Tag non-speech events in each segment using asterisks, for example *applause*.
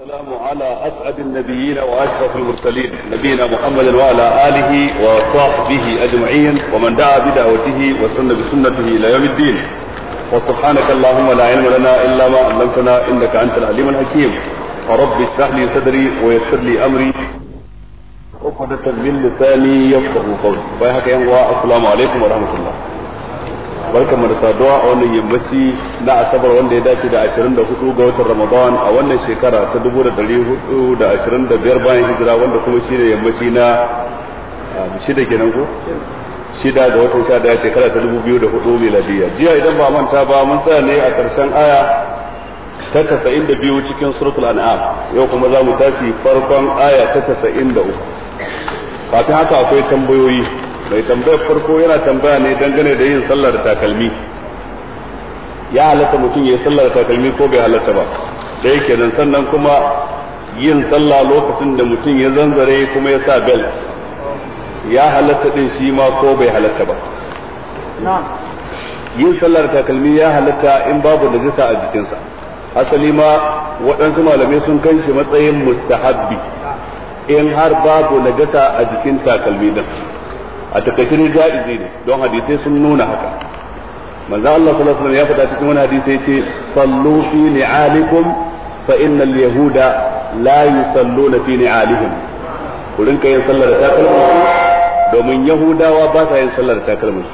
والسلام على اسعد النبيين واشرف المرسلين نبينا محمد وعلى اله وصحبه اجمعين ومن دعا بدعوته وسن بسنته الى يوم الدين وسبحانك اللهم لا علم لنا الا ما علمتنا انك انت العليم الحكيم فرب اشرح لي صدري ويسر لي امري عقدة من لساني يفقه قولي وهكذا السلام عليكم ورحمه الله barkamu da saduwa a wannan yammaci na asabar wanda ya dace da 24 ga watan ramadan a wannan shekara ta 1425 bayan hijira wanda kuma shi ne yammaci na ah, shida kenan ko shida ga watan sha daya shekara ta 2004 miladiya jiya idan ba manta ba mun tsaya ne a karshen aya ta 92 cikin suratul an'am yau kuma za mu tashi farkon aya ta 93 kafin haka akwai tambayoyi mai tambayar farko yana tambaya ne dangane da yin sallar takalmi ya halatta mutum ya yi sallar takalmi ko bai halatta ba da yake nan sannan kuma yin sallah lokacin da mutum ya zanzare kuma ya sa bel ya halatta din shi ma ko bai halatta ba yin sallar takalmi ya halatta in babu jisa a jikinsa asali ma waɗansu malamai sun kan shi matsayin mustahabbi in har babu najasa a jikin takalmi din a takaice ne ja'izi ne don hadisai sun nuna haka manzo Allah sallallahu alaihi wasallam ya faɗa cikin wani hadisi yace sallu fi ni'alikum fa innal yahuda la yusalluna fi ni'alihim ku rinka yin sallar takalmin domin yahudawa ba sa yin sallar takalmin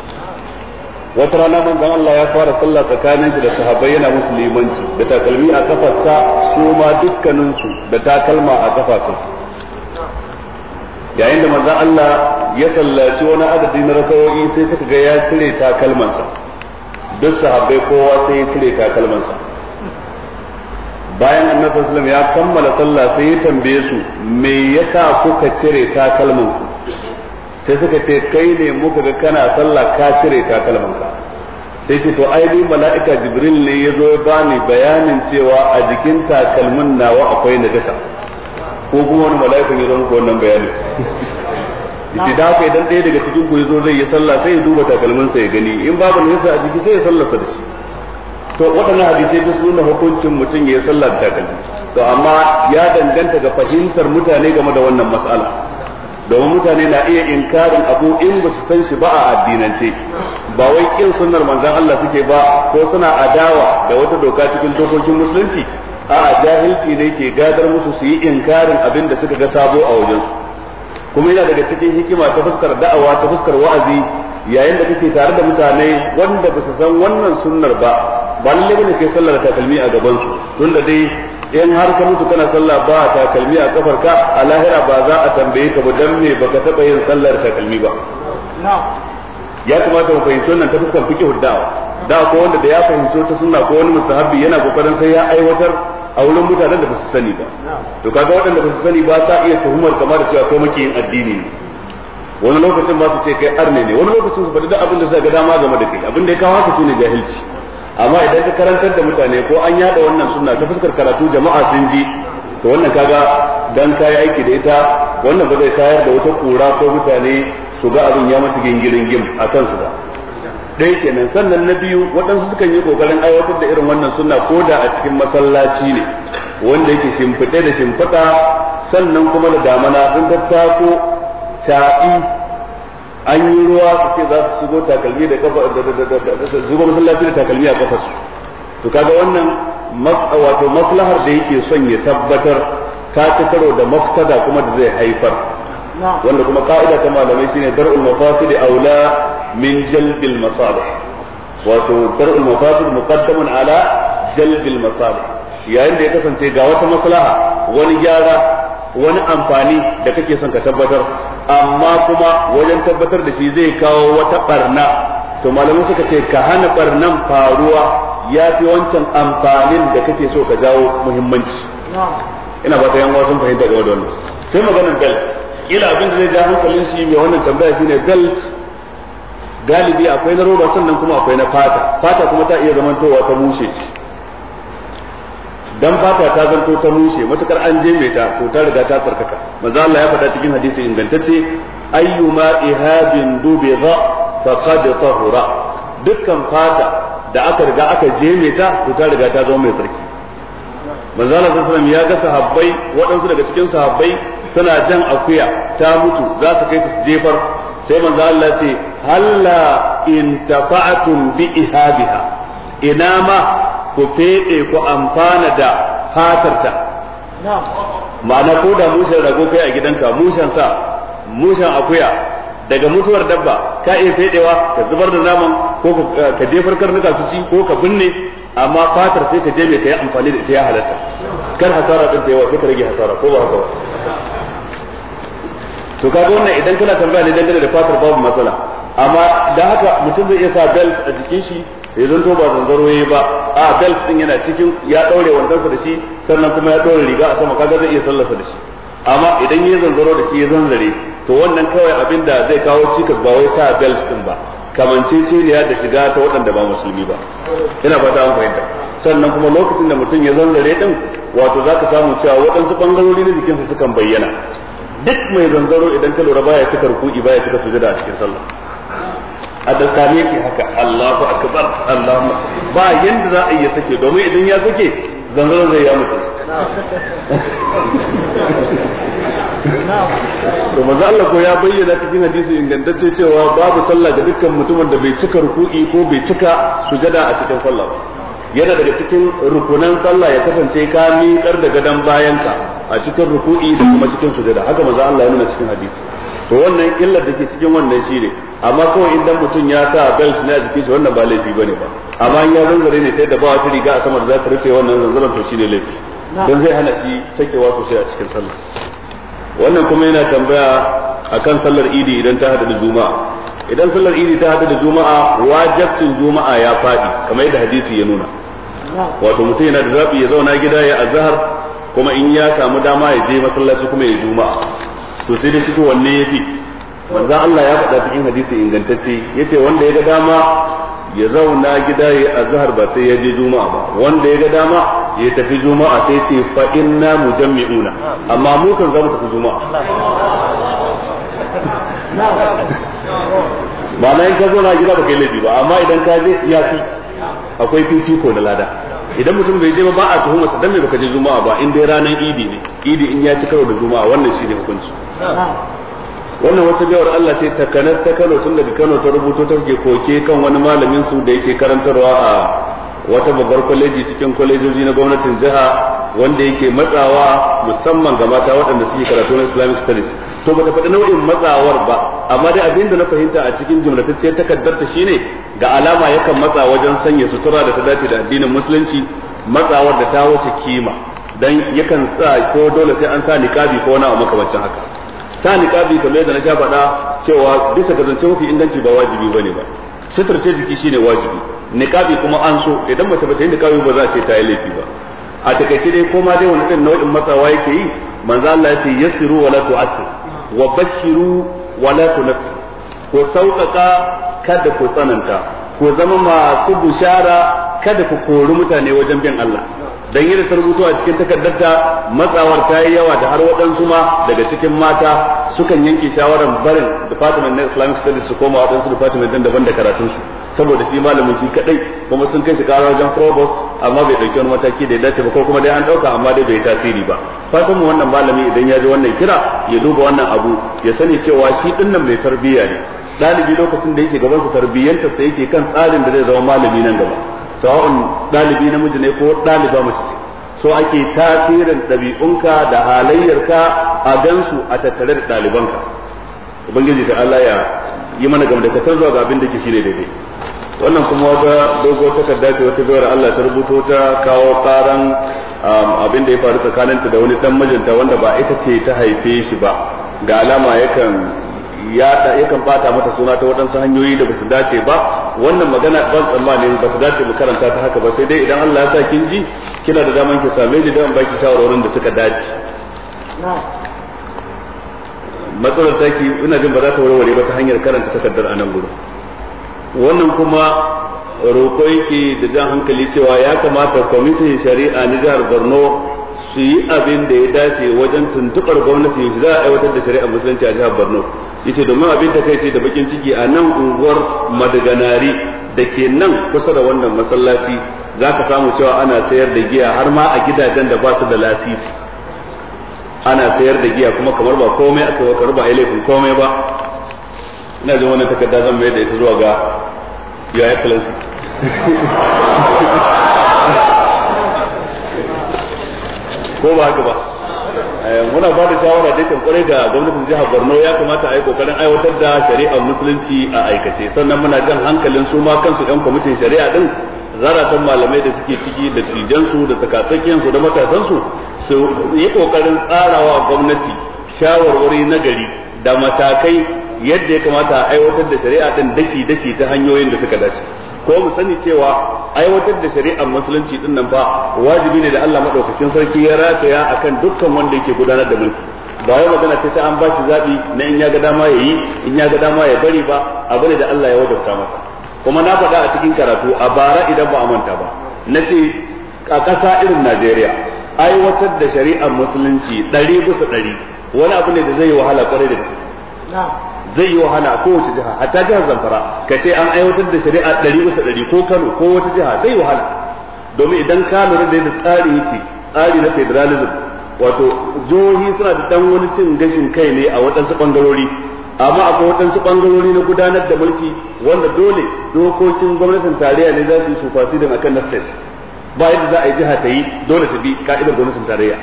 wata rana manzon Allah ya fara sallah tsakanin shi da sahabbai yana musulmanci da takalmi a kafarsa su ma dukkaninsu da takalma a kafafunsu yayin da manzon Allah ya sallaci wani adadi na rakawoyi sai suka ga ya cire takalmansa duk sahabbai kowa sai ya cire takalmansa bayan annabi sallallahu ya kammala sallah sai ya tambaye su me yasa kuka cire takalmanku sai suka ce kai ne muka ga kana sallah ka cire takalmanka sai ce to ai ni mala'ika jibril ne ya zo ya bani bayanin cewa a jikin takalmin nawa akwai najasa ko kuma wani mala'ikan ya zama ko wannan bayanin yace da haka idan ɗaya daga cikin ku yazo zai yi sallah sai ya duba takalminsa ya gani in babu nisa a jiki sai ya sallarsa da shi to waɗannan hadisai suna hukuncin mutum ya yi sallah da takalmi to amma ya danganta ga fahimtar mutane game da wannan mas'ala domin mutane na iya inkarin abu in ba su san shi ba a addinance ba wai kin sunnar manzon Allah suke ba ko suna adawa da wata doka cikin dokokin musulunci a'a jahilci ne ke gadar musu su yi inkarin abin da suka ga sabo a wajen kuma yana daga cikin hikima ta fuskar da'awa ta fuskar wa'azi yayin da kake tare da mutane wanda ba su san wannan sunnar ba ba lalle ne kai sallar takalmi a gaban su tunda dai in har ka mutu kana sallah ba takalmi a kafar ka a lahira ba za a tambaye ka ba dan me baka taba yin sallar takalmi ba ya kamata mu fahimci wannan ta fuskar fiqh da'awa da ko wanda da ya fahimci wata sunna ko wani mustahabi yana kokarin sai ya aiwatar a wurin mutanen da ba sani ba to kaga waɗanda ba sani ba ta iya tuhumar kamar da cewa ko yin addini ne wani lokacin ba su ce kai arne ne wani lokacin su bada duk abin da suka ga dama game da kai abin da ya kawo haka shine jahilci amma idan ka karantar da mutane ko an yada wannan sunna ta fuskar karatu jama'a sun ji to wannan kaga dan kayi aiki da ita wannan ba zai tayar da wata kura ko mutane su ga abin ya mata gingirin gim a kansu ba ɗaya kenan sannan na biyu waɗansu sukan yi ƙoƙarin aiwatar da irin wannan sunna ko da a cikin masallaci ne wanda yake shimfiɗe da shimfiɗa sannan kuma da damana sun tattako ta'i an yi ruwa su ce za su shigo takalmi da kafa da zuba masallaci da takalmi a kafa su to kaga wannan wato maslahar da yake son ya tabbatar ta ci karo da mafsada kuma da zai haifar wanda kuma ka'ida ta malamai shine dar'ul mafasidi aula min jalbil masalih wato dar'ul mafasid muqaddamun ala jalbil masalih yayin da ya kasance ga wata maslaha wani gyara wani amfani da kake son ka tabbatar amma kuma wajen tabbatar da shi zai kawo wata barna to malamai suka ce ka hana barnan faruwa ya fi wancan amfanin da kake so ka jawo muhimmanci ina ba ta yan sun fahimta ga wannan sai maganar belt kila abin da zai ja hankalin shi mai wannan tambaya shine belt galibi akwai na roba sannan kuma akwai na fata fata kuma ta iya zamantowa ta mushe ce dan fata ta zanto ta mushe matukar an je ta ko ta riga ta tsarkaka manzo Allah ya faɗa cikin hadisi ingantacce ayyuma ihabin dubidha faqad tahura dukkan fata da aka riga aka je ta ko ta riga ta zama mai tsarki manzo Allah sallallahu alaihi ya ga sahabbai waɗansu daga cikin sahabbai suna jan akuya ta mutu za su kai su jefar sai manzo Allah ce halla in tafa'atum bi ihabiha ina ma ku fede ku amfana da fatarta ma'ana ko da mushen rago kai a gidanka mushen sa mushen akuya daga mutuwar dabba ka iya fedewa ka zubar da naman ko ka jefar karnuka su ci ko ka binne amma fatar sai ka je mai kai amfani da ita ya halatta kar hasara din da yawa sai ka rage hasara ko ba haka ba to kaga wannan idan kana tambaya ne dangane da fatar babu matsala amma da haka mutum zai iya sa belt a jikin shi ya zanto ba zanzaro yayi ba a belt din yana cikin ya daure wandonsa da shi sannan kuma ya daure riga a sama kaga zai iya sallarsa da shi amma idan ya zanzaro da shi ya zanzare to wannan kawai abin da zai kawo cikas ba wai sa belt din ba ya da shiga ta waɗanda ba musulmi ba ina fata an fahimta sannan kuma lokacin da mutum ya zanzare din wato zaka samu cewa waɗansu bangarori na jikinsa sukan bayyana duk mai zanzaro idan ka lura baya cika ruku'i baya cika sujada a cikin sallah a dakkane ke haka Allahu akbar Allahu ba yanda za a yi sake domin idan ya sake zanzaro zai ya mutu to manzo Allah ko ya bayyana cikin hadisi ingantacce cewa babu sallah ga dukkan mutumin da bai cika ruku'i ko bai cika sujada a cikin sallah ba yana daga cikin rukunan sallah ya kasance ka miƙar da gadon bayanka a cikin ruku'i da kuma cikin sujada haka manzo Allah ya nuna cikin hadisi to wannan illar da ke cikin wannan shine amma kawai idan mutum ya sa belt ne a jikin shi wannan ba laifi bane ba amma in ya zanzare ne sai da ba wata riga a sama da za ta rufe wannan zanzaran to shine laifi don zai hana shi sakewa sosai a cikin sallah wannan kuma yana tambaya akan sallar idi idan ta hada da juma'a idan sallar idi ta hada da juma'a wajibcin juma'a ya faɗi kamar yadda hadisi ya nuna wato mutum yana da zaɓi ya zauna gida ya azhar kuma in ya samu dama ya je masallaci kuma ya juma'a to sai dai cikin wanne yafi manzon Allah ya faɗa cikin hadisi ingantacce yace wanda ya ga dama ya zauna gida ya azhar ba sai ya je juma'a ba wanda ya ga dama ya tafi juma'a sai ce fa inna mujammi'una amma mu kan mu tafi juma'a ma'ana *laughs* in ka zauna gida ba kai laifi ba amma idan ka je ya fi akwai fifiko da lada idan mutum bai je ba ba a tuhuma sa dan me baka je juma'a ba in dai ranar idi ne idi in ya ci karo da juma'a wannan shine hukunci wannan wata jawar Allah ce ta kanar ta Kano tun daga Kano ta rubuto ta ke koke kan wani malamin su da yake karantarwa a wata babbar kwaleji cikin kwalejoji na gwamnatin jiha wanda yake matsawa musamman ga mata waɗanda suke karatu na Islamic Studies to bata faɗi nau'in matsawar ba amma dai abin da na fahimta a cikin jumlatacciyar takaddarta shine ga alama yakan matsa wajen sanya sutura da ta dace da addinin musulunci matsawar da ta wuce kima dan yakan sa ko dole sai an sa niqabi ko wani abu makamancin haka sa niqabi kamar yadda na sha faɗa cewa bisa ga zance mafi inganci ba wajibi bane ba ce jiki shine wajibi niqabi kuma an so idan mace bata yi niqabi ba za a ta yi laifi ba a takaice dai ko ma dai wani din nau'in matsawa yake yi manzo Allah ya ce yasiru wala tu'assir wa bashiru wa la sauƙaƙa kada ku tsananta ku zama masu bushara kada ku kori mutane wajen bin Allah dan yi da rubutu a cikin takardarta matsawar ta yi yawa da har waɗansu ma daga cikin mata sukan yanke shawarar barin department na Islamic Studies su koma waɗansu department daban da karatunsu saboda shi malamin shi kadai kuma sun kai shi kara wajen provost amma bai dauki wani mataki da ya dace ba ko kuma dai an dauka amma dai bai tasiri ba fatan mu wannan malami idan ya ji wannan kira ya duba wannan abu ya sani cewa shi dinnan mai tarbiyya ne dalibi lokacin da yake gaban su tarbiyyantar sa yake kan tsarin da zai zama malami nan gaba sawa'un dalibi namiji ne ko daliba mace ce so ake tasirin ɗabi'unka da halayyarka a gansu a tattare da ɗalibanka ubangiji ta Allah ya yi mana gamdakatar zuwa ga abin da ke shine daidai wannan kuma wata dogo ta takarda ce wata bayar Allah ta rubuto ta kawo karan um, abin da ya faru tsakaninta da wani dan mijinta wanda ba ita ce ta haife shi ba ga alama yakan ya yakan bata mata suna ta waɗansu hanyoyi da basu dace ba wannan magana ban tsammani ba su dace mu karanta ta haka ba sai dai idan Allah ya sa kin ji kina da daman ki same ni dan baki shawarwarin da suka dace matsalar taki ina jin ba za ta warware ba ta hanyar karanta takardar anan gudu wannan kuma roƙo yake da jan hankali cewa ya kamata kwamitin shari'a na jihar borno su yi abin da ya dace wajen tuntuɓar gwamnati za a aiwatar da shari'a musulunci a jihar borno yace domin abin da kai ce da bakin ciki a nan unguwar madaganari da ke nan kusa da wannan masallaci za ka samu cewa ana sayar da giya har ma a gidajen da ba su da lasisi ana sayar da giya kuma kamar ba komai aka yi kamar ba a laifin komai ba ina jin wannan takarda zan mai da ita zuwa ga your excellency ko ba haka ba eh, muna ba da shawara da kan kwarai da gwamnatin jihar Borno ya kamata a yi kokarin aiwatar da shari'ar musulunci a aikace sannan muna jan hankalin su ma kansu yan kwamitin shari'a din zaratan malamai da suke ciki da tijansu da tsakatsakiyansu da matasansu su yi kokarin tsarawa gwamnati shawarwari na gari da matakai yadda ya kamata a aiwatar da shari'a din daki daki ta hanyoyin da suka dace ko mu sani cewa aiwatar da shari'ar musulunci din nan ba wajibi ne da Allah madaukakin sarki ya rataya akan dukkan wanda yake gudanar da mulki ba wai magana ce ta an ba shi zabi na in ya ga dama ya yi in ya ga dama ya bari ba abu ne da Allah ya wajabta masa kuma na faɗa a cikin karatu a bara idan ba a manta ba na ce a ƙasa irin Najeriya aiwatar da shari'ar musulunci ɗari bisa ɗari wani abu ne da zai yi wahala kwarai da gaske zai yi wahala a kowace jiha hatta jihar zamfara ka ce an aiwatar da shari'a ɗari bisa ɗari ko kano ko wata jiha zai yi wahala domin idan ka lura da yadda tsari yake tsari na federalism wato jihohi suna da dan wani cin gashin kai ne a waɗansu ɓangarori amma akwai waɗansu ɓangarori na gudanar da mulki wanda dole dokokin gwamnatin tarayya ne za su yi su fasidan akan na state ba yadda za a yi jiha ta yi dole ta bi ka'idar gwamnatin tarayya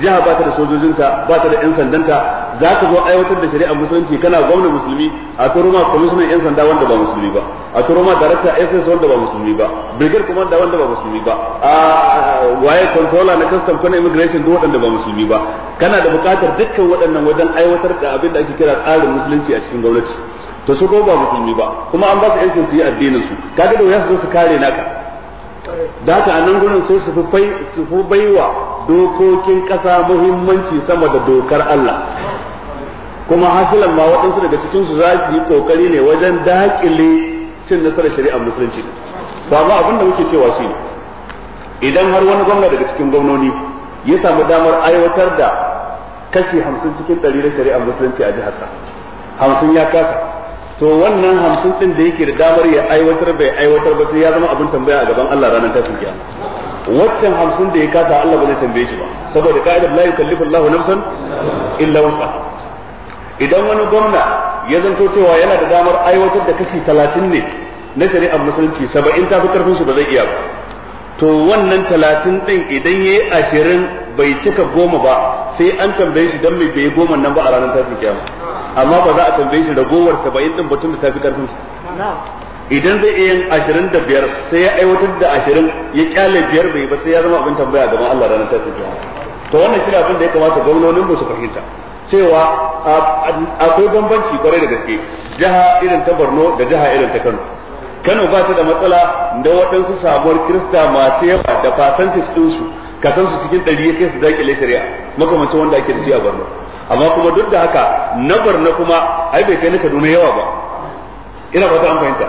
jiha ba ta da sojojinta ba ta da yan sandanta za ka zo aiwatar da shari'ar musulunci kana gwamna musulmi a turo ma kwamishinan yan sanda wanda ba musulmi ba a turo ma darakta ss wanda ba musulmi ba brigade commander wanda ba musulmi ba a waye controller na custom kana immigration duk wanda ba musulmi ba kana da buƙatar dukkan waɗannan wajen aiwatar da abin da ake kira tsarin musulunci a cikin gwamnati to su ba musulmi ba kuma an ba su yancin su yi addinin su kaga da wuya su zo su kare naka da haka a nan gurin sai su fi baiwa dokokin ƙasa muhimmanci sama da dokar Allah kuma hasilan ma waɗansu daga cikinsu za su yi ƙoƙari ne wajen daƙile cin nasarar shari'ar musulunci ba ma abin da muke cewa shi ne idan har wani gwamna daga cikin gwamnoni ya samu damar aiwatar da kashi hamsin cikin ɗari na shari'ar musulunci a jihar sa hamsin ya kasa to wannan hamsin din da yake da damar ya aiwatar bai aiwatar ba sai ya zama abin tambaya a gaban Allah ranar tashin kiyama waccan hamsin da ya kasa Allah ba zai tambaye shi ba saboda ka'idar la yukallifu Allahu nafsan illa wusa idan wani gwamna ya zanto cewa yana da damar aiwatar da kashi talatin ne na shari'ar musulunci saba'in ta fi karfin shi ba zai iya ba to wannan talatin ɗin idan ya yi ashirin bai cika goma ba sai an tambaye shi don mai bai goma nan ba a ranar tashin kyamu amma ba za a tambaye shi ragowar saba'in ɗin batun da ta fi karfin su idan zai iya yin ashirin da biyar sai ya aiwatar da ashirin ya kyale biyar bai ba sai ya zama abin tambaya gaban Allah ranar tashin kyamu to wannan shi abin da ya kamata gwamnonin mu su fahimta cewa akwai bambanci kwarai da gaske jiha irin ta Borno da jiha irin ta Kano Kano ba ta da matsala da waɗansu sabuwar Kirista masu yawa da fasantis ɗinsu ka san su cikin ɗari ya kai su daƙile shari'a makamancin wanda ake da shi a Borno amma kuma duk da haka na barna kuma ai bai kai na Kaduna yawa ba ina ba ta an fahimta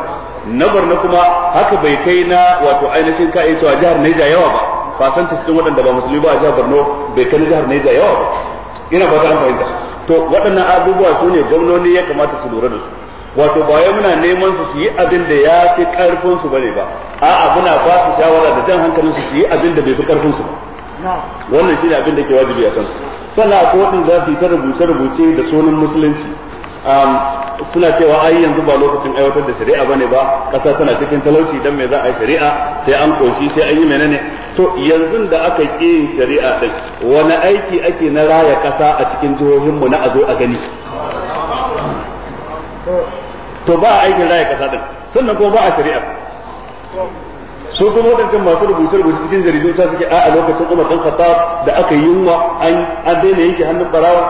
na barna kuma haka bai kai na wato ainihin ka'i cewa jihar Naija yawa ba fasantis ɗin waɗanda ba musulmi ba a jihar Borno bai kai na jihar Naija yawa ba ina ba ta an fahimta to waɗannan abubuwa su ne gwamnoni ya kamata su lura da su wato ba wai muna neman su su yi abin da ya fi karfin su bane ba a'a muna ba su shawara da jan hankalin su yi abin da bai fi karfin su wannan shine abin da ke wajibi a su sannan akwai waɗanda za su yi ta rubuce rubuce da sunan musulunci suna cewa ai yanzu ba lokacin aiwatar da shari'a bane ba kasa tana cikin talauci dan me za a yi shari'a sai an koshi sai an yi menene to yanzu da aka ƙi shari'a din wani aiki ake na raya kasa a cikin jihohinmu na a a gani to ba a aikin raya kasa din sannan kuma ba a shari'a su kuma wadancan masu rubuce rubuce cikin jaridu ta suke a lokacin Umar dan Khattab da aka yi yunwa an an daina yanke hannun barawa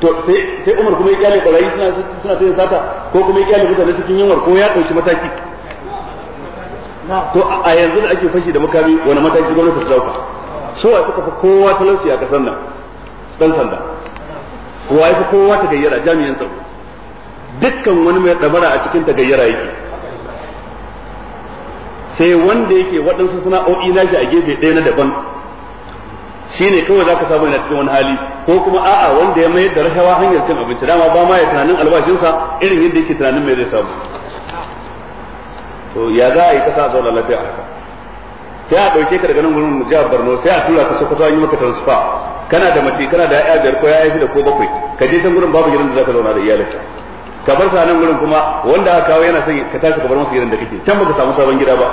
to sai sai Umar kuma ya kyale barayi suna suna ta sata ko kuma ya kyale mutane cikin yunwar ko ya dauki mataki to a yanzu da ake fashi da makami wani mataki gwamnati ta dauka so a suka fi kowa talauci a kasar nan dan sanda kowa ya fi kowa ta gayyara jami'an tsaro dukkan wani mai dabara a cikin tagayyara yake sai wanda yake waɗansu sana'o'i shi a gefe ɗaya na daban shine kawai za ka samu yana cikin wani hali ko kuma a'a wanda ya mayar da rashawa hanyar cin abinci dama ba ma ya tunanin albashinsa irin yadda yake tunanin mai zai samu to ya za a yi kasa a zauna lafiya haka sai a ɗauke ka daga nan wurin jihar Borno sai a tura ka Sokoto an yi maka transfer kana da mace kana da ya'ya biyar ko ya'ya shida ko bakwai ka je can gurin babu gidan da za ka zauna da iyalinka ka bar sa nan gurin kuma wanda aka kawo yana son ka tashi ka bar masa gidan da kake can baka samu sabon gida ba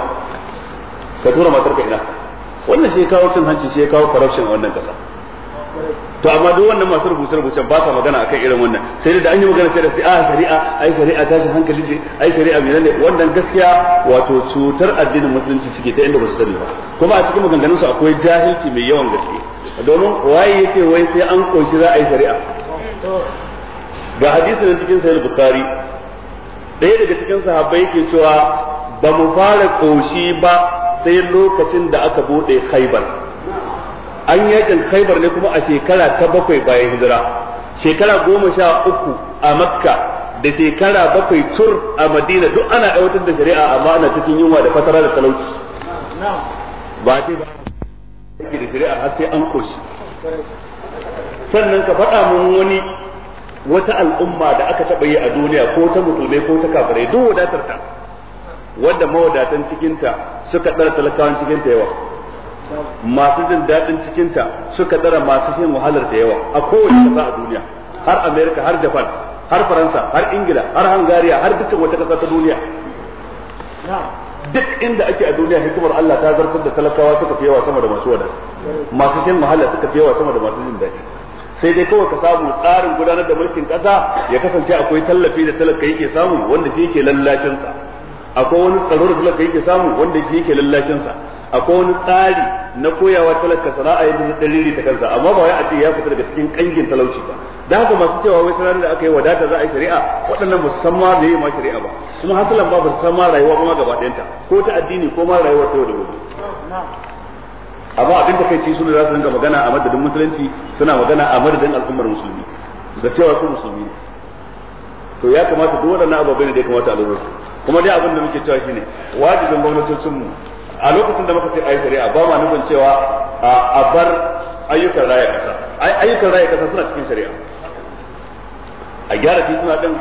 ka tura ka ina wannan shi ya kawo cin hanci shi ya kawo corruption a wannan kasa to amma duk wannan masu rubuce rubucen ba sa magana akan irin wannan sai da an yi magana sai da sai a ah, shari'a ai shari'a tashi hankali ce ai shari'a mai ne wannan gaskiya wato cutar addinin musulunci cike ta inda ba su sani ba kuma a cikin maganganun su akwai jahilci mai yawan gaske domin waye yake wai sai an koshi za a yi shari'a ga hadisi na cikin sahih bukhari ɗaya daga cikin sahabbai yake cewa ba mu fara koshi ba sai lokacin da aka bude khaybar an yakin khaybar ne kuma a shekara ta bakwai bayan hijira shekara goma sha uku a makka da shekara bakwai tur a madina duk ana aiwatar da shari'a amma ana cikin yunwa da fatara da talauci ba ce ba da shari'a har sai an koshi sannan ka faɗa mun wani wata al'umma da aka taɓa yi a duniya ko ta musulmai ko ta kafirai duk wadatar ta wanda mawadatan cikinta suka ɗara talakawan ta yawa masu jin daɗin cikinta suka ɗara masu shin wahalar ta yawa a kowace ƙasa a duniya har Amerika har japan har faransa har ingila har hungariya har dukkan wata ƙasa ta duniya duk inda ake a duniya hikimar Allah ta zartar da talakawa suka fi yawa sama da masu wadata masu shin wahala suka fi yawa sama da masu jin daɗi sai dai kawai ka samu tsarin gudanar da mulkin kasa ya kasance akwai tallafi da talaka yake samu wanda shi yake lallashin sa akwai wani tsaro da talaka yake samu wanda shi yake lallashin sa akwai wani tsari na koyawa talaka sana'a yadda na dalili ta kansa amma ba wai a ce ya fita daga cikin kangin talauci ba da haka masu cewa wai sanar da aka yi wadata za a yi shari'a waɗannan ba su san ma da ma shari'a ba kuma hasalan ba ba su san ma rayuwa kuma gaba ɗayanta ko ta addini ko ma rayuwar ta yau da gobe amma abin da kai ci su ne za su rinka magana a madadin musulunci suna magana a madadin al'ummar musulmi da cewa su musulmi to ya kamata duk waɗannan ababai ne da ya kamata a lura kuma dai abin da muke cewa shine wajibin gwamnatocin mu a lokacin da muka ce ayi shari'a ba ma nufin cewa a bar ayyukan raya kasa ayyukan raya kasa suna cikin shari'a a gyara tituna din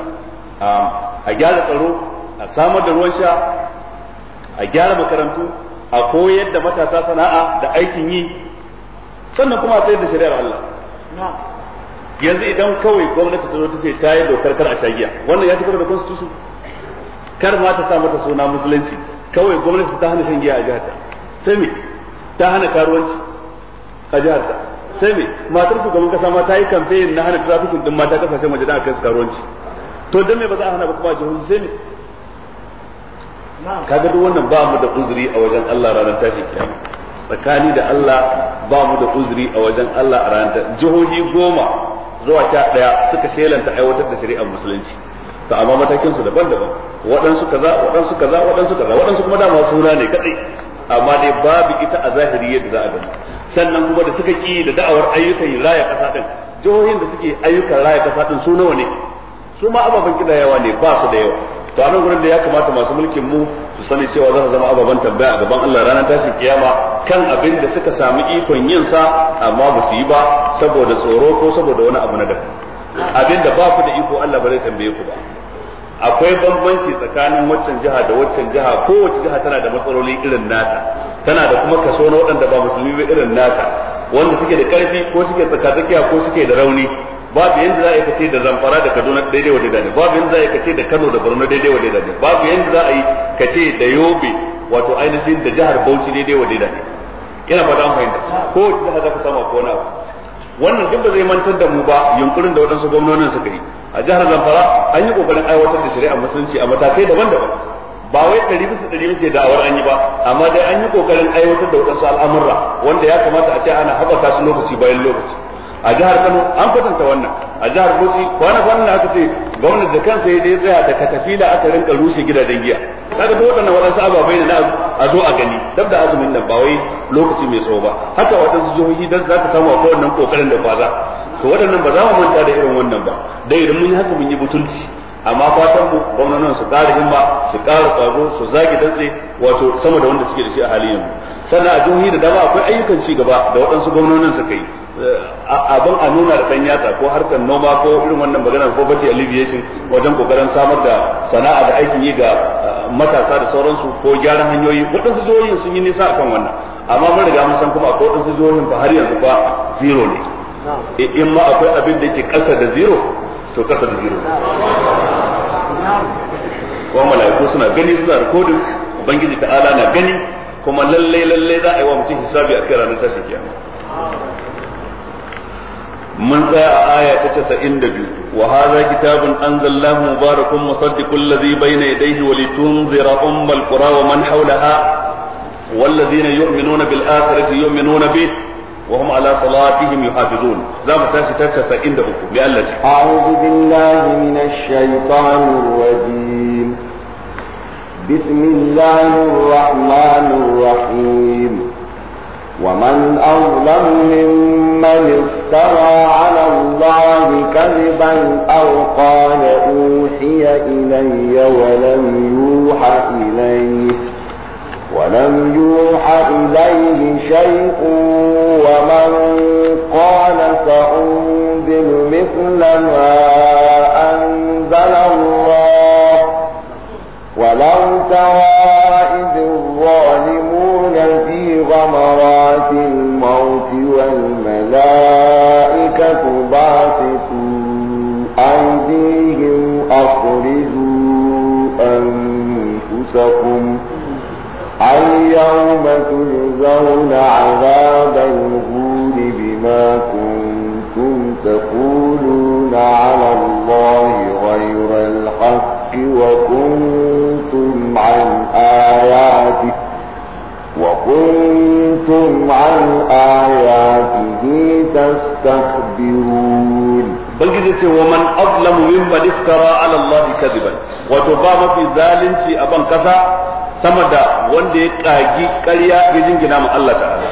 a gyara tsaro a samar da ruwan sha a gyara makarantu a koyar da matasa sana'a da aikin yi sannan kuma a tsayar da shari'ar Allah yanzu idan kawai gwamnati ta zo ta ce ta yi dokar kar a shagiya wannan ya ci da constitution kar ma ta sa mata suna musulunci kawai gwamnati ta hana shan giya a jiharta sai me ta hana karuwanci a jiharta sai me matar gaban kasa ma ta yi kamfe na hana trafficking din mata kasashen waje da aka kai su karuwanci to dan me ba za a hana ba kuma a jihohi sai me ka duk wannan ba mu da uzuri a wajen Allah ranar tashin kiyama tsakani da Allah ba mu da uzuri a wajen Allah a ranar tashin jihohi goma zuwa sha ɗaya suka shelanta aiwatar da shari'ar musulunci to amma matakin su daban-daban waɗansu kaza waɗansu kaza waɗansu kaza waɗansu kuma dama suna ne kadai amma dai babu ita a zahiri yadda za a gani sannan kuma da suka ki da da'awar ayyukan raya kasa din jihohin da suke ayyukan raya kasa din su nawa ne su ma ababen kidayawa ne ba su da yawa to anan gurin da ya kamata masu mulkin mu su sani cewa za su zama ababen tambaya a gaban Allah ranar tashin kiyama kan abin da suka sami ikon yin sa amma ba su yi ba saboda tsoro ko saboda wani abu na daban abin da ba ku da iko Allah ba zai tambaye ku ba akwai bambanci tsakanin waccan jiha da waccan jiha kowace jiha tana da matsaloli irin nata tana da kuma kaso na waɗanda ba musulmi ba irin nata wanda suke da karfi ko suke tsakatsakiya ko suke da rauni babu yanda za a yi kace da zamfara da kaduna daidai wa daidai babu yanda za a yi kace da kano da borno daidai wa daidai babu yanda za a yi kace da yobe wato ainihin da jihar bauchi daidai wa daidai ina fata an fahimta wace jihar za ka sama ko na wannan duk ba zai mantar da mu ba yunkurin da waɗansu gwamnonin suka yi a jihar zamfara an yi kokarin aiwatar da shari'a musulunci a matakai daban-daban ba wai ɗari bisa ɗari muke da'awar an yi ba amma dai an yi kokarin aiwatar da waɗansu al'amurra wanda ya kamata a ce ana haɓaka su lokaci bayan lokaci a jihar Kano an kwatanta wannan a jihar Bauchi kwana kwanan aka ce gwamnati da kansa ya dai tsaya da katafila aka rinka rushe gidajen giya kaga duk waɗannan waɗansu ababai ne na a zo a gani dab da azumin nan ba wai lokaci mai tsawo ba haka waɗansu jihohi dan za ka samu a kowannan kokarin da ba za to waɗannan ba za mu manta da irin wannan ba dai idan mun yi haka mun yi butulci amma fatan mu gwamnatin su ƙara himma su ƙara ƙwazo su zage dantse wato sama da wanda suke da shi a halin yanzu sannan a jihohi da dama akwai ayyukan ci gaba da waɗansu gwamnonin suka yi abin a nuna da kan yatsa ko harkar noma ko irin wannan magana ko bace alleviation wajen kokarin samar da sana'a da aikin yi ga uh, matasa da sauransu ko gyaran hanyoyi waɗansu jihohin sun yi nisa akan wannan amma mun riga mun san kuma akwai waɗansu jihohin ba har yanzu ba zero ne in ma akwai abin da yake ƙasa da zero to ƙasa da zero kuma mala'iku suna gani suna rikodin ubangiji ta'ala na gani kuma lalle lalle za a yi wa mutum hisabi akan ranar tashin kiyama mun tsaya a aya ta casa'in inda biyu wa haza kitabun anzallahu mubarakun musaddiqul ladhi bayna yadayhi wa litunzira ummal qura wa man hawlaha والذين يؤمنون بالآخرة يؤمنون به وهم على صلاتهم يحافظون زام تاسي تاسي سعين دعوكم بألتي أعوذ بالله من الشيطان الرجيم بسم الله الرحمن الرحيم ومن أظلم ممن افترى على الله كذبا أو قال أوحي إلي ولم يوحى إليه ولم يوحى إليه شيء ومن قال سأنزل مثل ما ترى إذ الظالمون في غمرات الموت والملائكة باسطوا أيديهم أخرجوا أنفسكم اليوم تجزون عذاب الهول بما كنتم تقولون على الله غير الحق وكنتم كنتم عن آياته تستكبرون بلجد ومن أظلم ممن افترى على الله كذبا وتبا في ذالنسي أبن كسا sama da wanda ya ƙagi ƙarya ya تعالى ma Allah ta'ala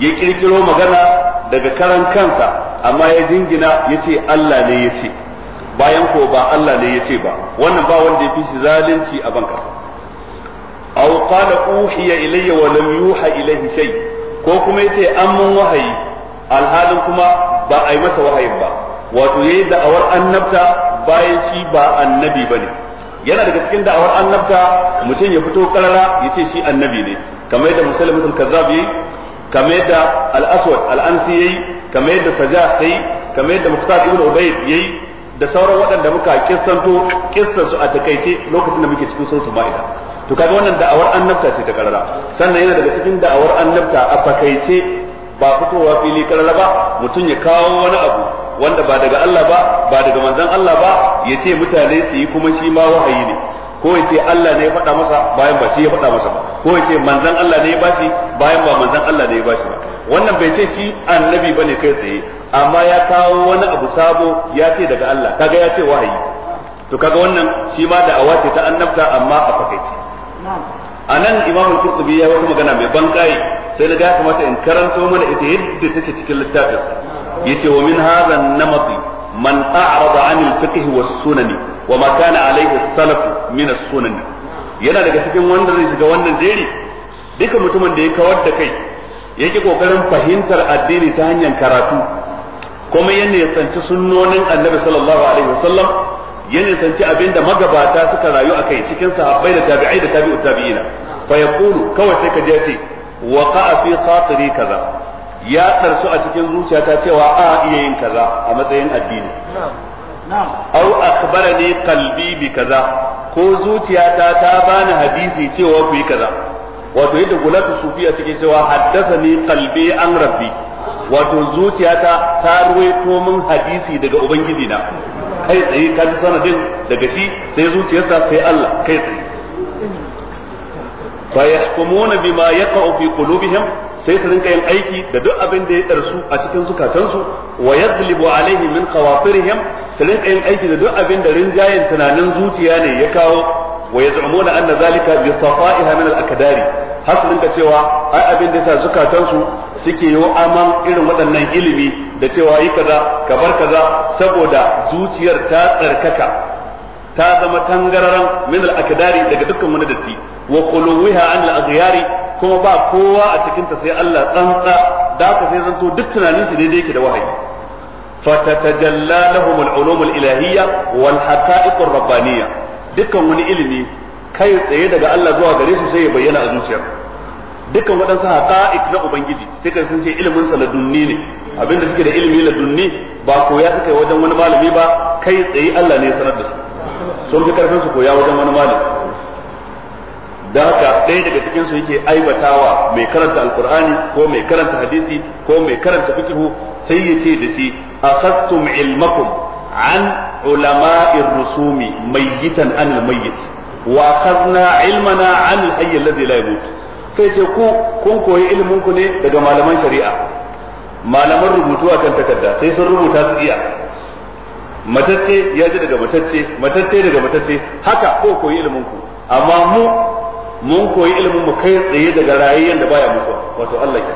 ya magana daga karan kansa amma ya jingina ya ce Allah ne ya ce bayan ko ba Allah ne ya ce ba wannan ba wanda ya fi zalunci a ban aw qala uhiya ilayya wa lam yuha ilayhi shay ko kuma yace an mun wahayi alhalin kuma ba a yi masa wahayin ba wato yayi da'awar annabta bayan shi ba annabi bane yana daga cikin da'awar annabta mutum ya fito karara yace shi annabi ne kamar yadda musulmatul kazzabi kamar yadda al-aswad al-ansi yayi kamar yadda sajah yayi kamar yadda muqtad ibn ubayd yayi da sauran waɗanda muka kissanto kissansu a takaice lokacin da muke cikin suratul ma'ida to kaga wannan da'awar annabta ce ta karara sannan yana daga cikin da'awar annabta a fakaice ba fitowa fili karara ba mutum ya kawo wani abu wanda ba daga Allah ba ba daga manzon Allah ba ya ce mutane su yi kuma shi ma wahayi ne ko ya ce Allah ne ya faɗa masa bayan ba shi ya faɗa masa ba ko ya ce manzon Allah ne ya bashi bayan ba manzon Allah ne ya bashi ba wannan bai ce shi annabi bane kai tsaye amma ya kawo wani abu sabo ya ce daga Allah kaga ya ce wahayi to kaga wannan shi ma da'awar ta annabta amma a fakaice a nan imam al-qurtubi ya wata magana mai ban kai sai na ga kamata in karanto mana ita yadda take cikin littafin yace wa min hadha namati man a'rada 'an al-fiqh as sunan wa ma kana alayhi as-salaf min as-sunan yana daga cikin wanda zai shiga wannan jeri duka mutumin da ya kawar da kai yake kokarin fahimtar addini ta hanyar karatu kuma yana ya tsanci sunnonin annabi sallallahu alaihi wasallam ya nisanci abinda magabata suka rayu a kai cikin sahabbai da tabi'ai da tabi'u tabi'ina fa yaqulu kawai sai ka je ce waqa'a fi khatiri kaza ya ɗarsu a cikin zuciyata cewa a iya yin kaza a matsayin addini au akhbarani qalbi bi kaza ko zuciyata ta bani hadisi cewa ku yi kaza wato yadda gulatu sufiya suke cewa haddathani qalbi an rabbi wato zuciyata ta ruwaito min hadisi daga ubangiji na kai tsaye ka ji sanadin daga shi sai zuciyarsa sai Allah kai tsaye fa yahkumuna bima yaqa'u fi qulubihim sai su rinka yin aiki da duk abin da ya darsu a cikin zukatansu wa yadlibu alaihi min khawatirihim su rinka yin aiki da duk abin da rinjayen tunanin zuciya ne ya kawo wa yaz'umuna anna zalika bi safa'iha min al-akdari har su rinka cewa ai abin da sa zukatansu suke yi aman irin waɗannan ilimi da cewa yi kaza ka bar kaza saboda zuciyar ta tsarkaka ta zama tangararan min al daga dukkan wani datti wa quluwiha an al-aghyari kuma ba kowa a cikin ta sai Allah tsantsa da ka sai zanto duk tunanin su daidai yake da wahayi فتتجلى لهم العلوم الإلهية والحقائق الربانية dukkan wani ilimi kai tsaye daga Allah zuwa gare su sai ya bayyana a zuciyar. dukkan waɗansu haqa'iq na ubangiji sai kan sun ce ilimin sa ladunni ne abinda suke da ilimi ladunni ba koya suka yi wajen wani malami ba kai tsaye Allah ne ya sanar da su sun fi karfin su koya wajen wani malami da haka ɗaya daga cikin su yake aibatawa mai karanta alkur'ani ko mai karanta hadisi ko mai karanta fiqhu sai ya ce da shi akhadtum ilmakum an ulama'ir rusumi mayyitan anil mayyit wa akhadna ilmana an hayy alladhi la yamut sai ce ku kun koyi ilimin ku ne daga malaman shari'a malaman rubutu akan takarda sai sun rubuta su iya matacce ya ji daga matacce matacce daga matacce haka ko koyi ilimin ku amma mu mun koyi ilimin mu kai tsaye daga rayayyen da baya mutuwa wato Allah ya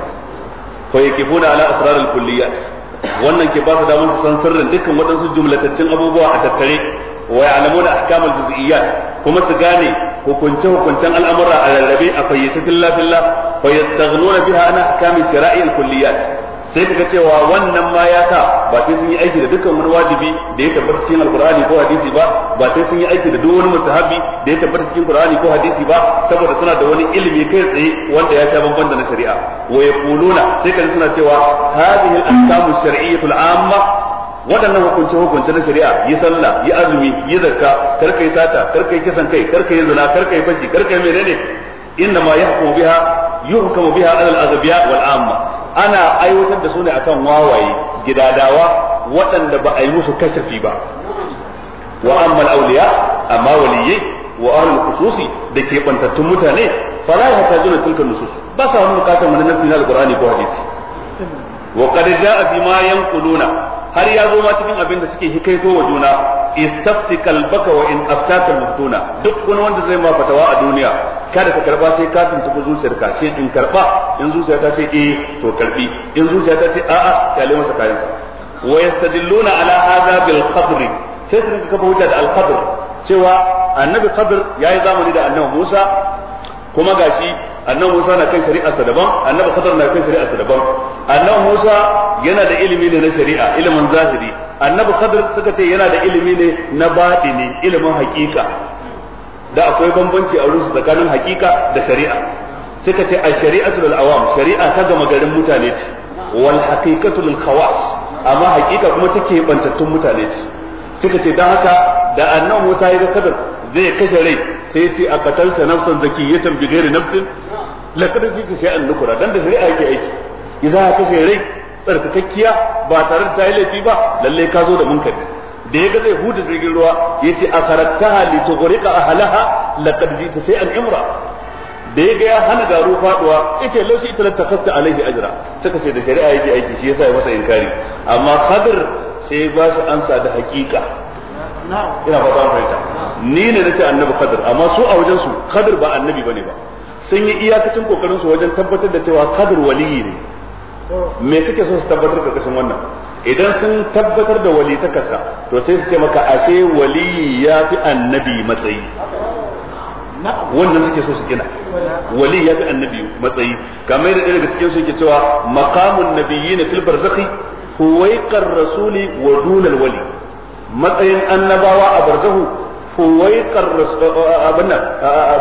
ko yake buna ala asrarul kulliyat wannan ke ba su damar su san sirrin dukkan waɗansu jumlatattun abubuwa a tattare wa ya'lamuna ahkamul juz'iyyat kuma su gane hukunce hukuncen al'amura a lallabe a fayyace filla filla fa yastaghnuna biha ana ahkami shari'a kulliyat sai kaga cewa wannan ma ya sa ba sai sun yi aiki da dukkan wani wajibi da ya tabbata cikin alqur'ani ko hadisi ba ba sai sun yi aiki da duk wani mustahabi da ya tabbata cikin qur'ani ko hadisi ba saboda suna da wani ilimi kai tsaye wanda ya sha bamban da na shari'a wa yaquluna sai kan suna cewa hadhihi al-ahkamu shar'iyyatu al-amma waɗannan hukunce hukunce na shari'a yi sallah yi azumi yi zakka kar kai sata kar kai kisan kai kar kai zina kar kai fashi kar kai menene inna ma yahkumu biha yuhkamu biha alal azabiya wal amma ana aiwatar da su ne akan wawaye gidadawa waɗanda ba a yi musu kasafi ba wa amma al awliya amma waliyyi wa ahlul khususi da ke bantattun mutane fala yahtaju tilka nusus ba sa wani bukatar manannafi na alqur'ani ko hadisi wa qad jaa bima yanquluna har ya zo ma cikin abin da suke hikaito wa juna istafti kalbaka wa in aftaka muftuna duk wani wanda zai ma fatawa a duniya kada ka karba sai ka tuntuɓi zuciyarka sai in karba in zuciya ta ce eh to karbi in zuciya ta ce a'a kyale masa kayansa wa yastadilluna ala hadha bil sai su kafa hujja da al cewa annabi qadr yayi zamani da annabi Musa kuma gashi annabi Musa na kan shari'arsa daban annabi Khadar na kan shari'arsa daban annabi Musa yana da ilimi ne na shari'a ilimin zahiri annabi Khadar suka ce yana da ilimi ne na batini ilimin hakika da akwai bambanci a wurin tsakanin hakika da shari'a suka ce a shari'atu lil awam shari'a ta gama garin mutane ce wal haqiqatu lil khawas amma hakika kuma take bantattun mutane ce suka ce dan haka da annabi Musa ya ga Khadar zai kashe rai sai ya ce a katalta nafsan zakiyatan bi ghairi nafsin laqad sai an nukura dan da shari'a yake aiki idan ka sai rai tsarkakakkiya ba tare da tayi laifi ba lalle ka zo da munkari da yaga zai huda jirgin ruwa yace akharattaha li tughriqa ahlaha laqad jitu shay'an imra da yaga ya hana garu faduwa yace laushi ita kasta alaihi ajra Saka ce da shari'a yake aiki shi yasa ya masa inkari amma khadir sai ba shi ansa da hakika ina ba an fahimta ni ne nace annabi khadir amma su a wajen su khadir ba annabi bane ba sun yi iyakacin kokarin su wajen tabbatar da cewa kadar waliyi ne me suke so su tabbatar da kashin wannan idan sun tabbatar da wali ta kasa to sai su ce maka ashe waliyi ya fi annabi matsayi wannan suke so su gina wali ya fi annabi matsayi kamar da daga cikin su yake cewa maqamun nabiyyin fil barzakhi huwaiqar rasuli wa dunal wali matsayin annabawa a barzahu kuwaikar abin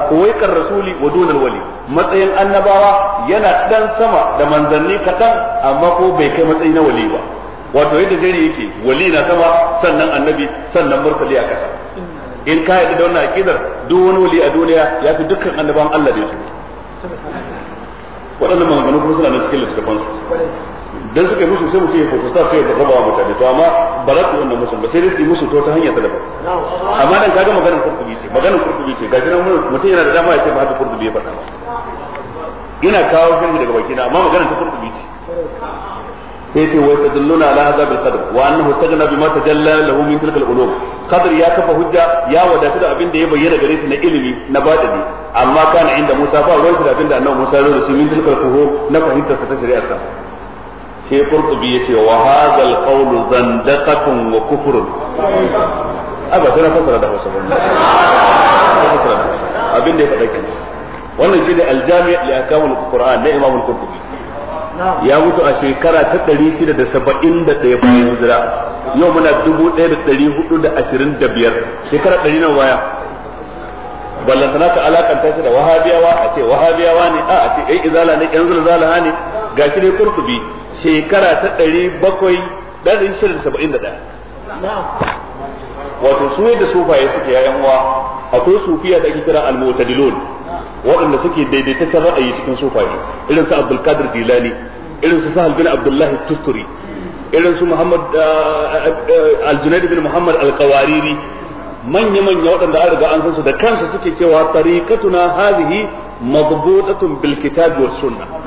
kuwaikar rasuli wa dunal wali matsayin annabawa yana dan sama da manzanni kadan amma ko bai kai matsayi na wali ba wato yadda jeri yake wali na sama sannan annabi sannan murtali a kasa in ka yadda da wannan aqidar duk wani wali a duniya ya fi dukkan annabawan Allah da su. waɗannan manzanni kuma suna nan cikin su dan suka yi musu sai mutum ya fokusa sai ya raba wa mutane to amma ba za su yi wannan musu ba sai dai su musu to ta hanyar ta daban amma dan kaga maganar kurtubi ce maganar kurtubi ce ga nan mutum yana da dama ya ce ba haka kurtubi ya faɗa ba ina kawo shi daga bakina amma maganar ta kurtubi ce sai ce wai dulluna ala hadha bil qadr wa annahu sajana bima tajalla lahu min tilkal al ulum qadr ya kafa hujja ya wadatu da abin da ya bayyana gare shi na ilimi na badani amma kana inda Musa fa ruwan da abin da annabi Musa ya zo shi min tilkal al na fahimtar ta shari'ar sa sai kurkubi ya ce wa hadha alqawl zandaqatun wa kufrun aba sai na fasara da Hausa wannan abin da ya faɗa kenan wannan shine aljami li akamul qur'an na imamul kurkubi. ya mutu a shekara ta 671 bayan hijira yau muna 1425 shekara 100 nan waya ballantana ta alakanta shi da wahabiyawa a ce wahabiyawa ne a a ce ai izala ne yan zulzala ne Ga shi ne kurkubi. shekara ta ɗari bakwai ɗari shirin saba'in da ɗaya wato su yadda sufaye suke yayan uwa akwai sufiya da ake kira al-mu'tadilun waɗanda suke daidaitaccen ra'ayi cikin sufaye irin su Abdul Qadir Jilani irin su Sahal bin Abdullah Tusturi irin su Muhammad ah, ah, Al-Junayd bin Muhammad Al-Qawariri manya manya waɗanda an riga an san su da kansu suke cewa tariqatuna hadhihi madbutatun bil kitab was sunnah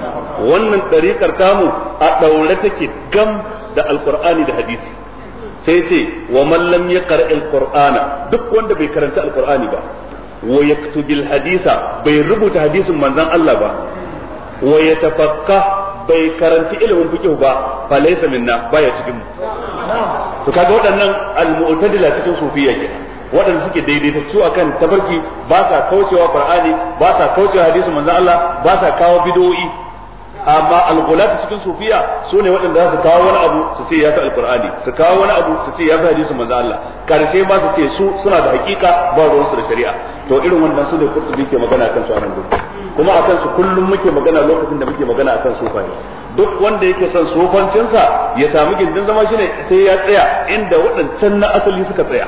wannan ɗariƙar tamu a ɗaure take gam da alƙur'ani da hadisi sai ce wa mallam ya yaqra Alƙur'ana duk wanda bai karanta Alƙur'ani ba wa yaktubil hadisa bai rubuta hadisin manzon Allah ba wa yatafaqqa bai karanci ilimin fiqh ba fa laysa minna baya cikin mu to kaga waɗannan al-mu'tadila cikin sufiyya ke waɗanda suke daidaita su akan tabarki ba sa kaucewa qur'ani ba sa kaucewa hadisin manzon Allah ba sa kawo bid'o'i amma al-ghulat cikin sufiya su ne waɗanda su kawo wani abu su ce ya fi alqur'ani su kawo wani abu su ce ya fi hadisin manzo Allah karshe ba su ce su suna da hakika ba ruwan su da shari'a to irin wannan su ne kurtubi ke magana kan su a nan kuma akan su kullum muke magana lokacin da muke magana akan sufani duk wanda yake son sofancinsa ya sami gindin zama shine sai ya tsaya inda waɗancan na asali suka tsaya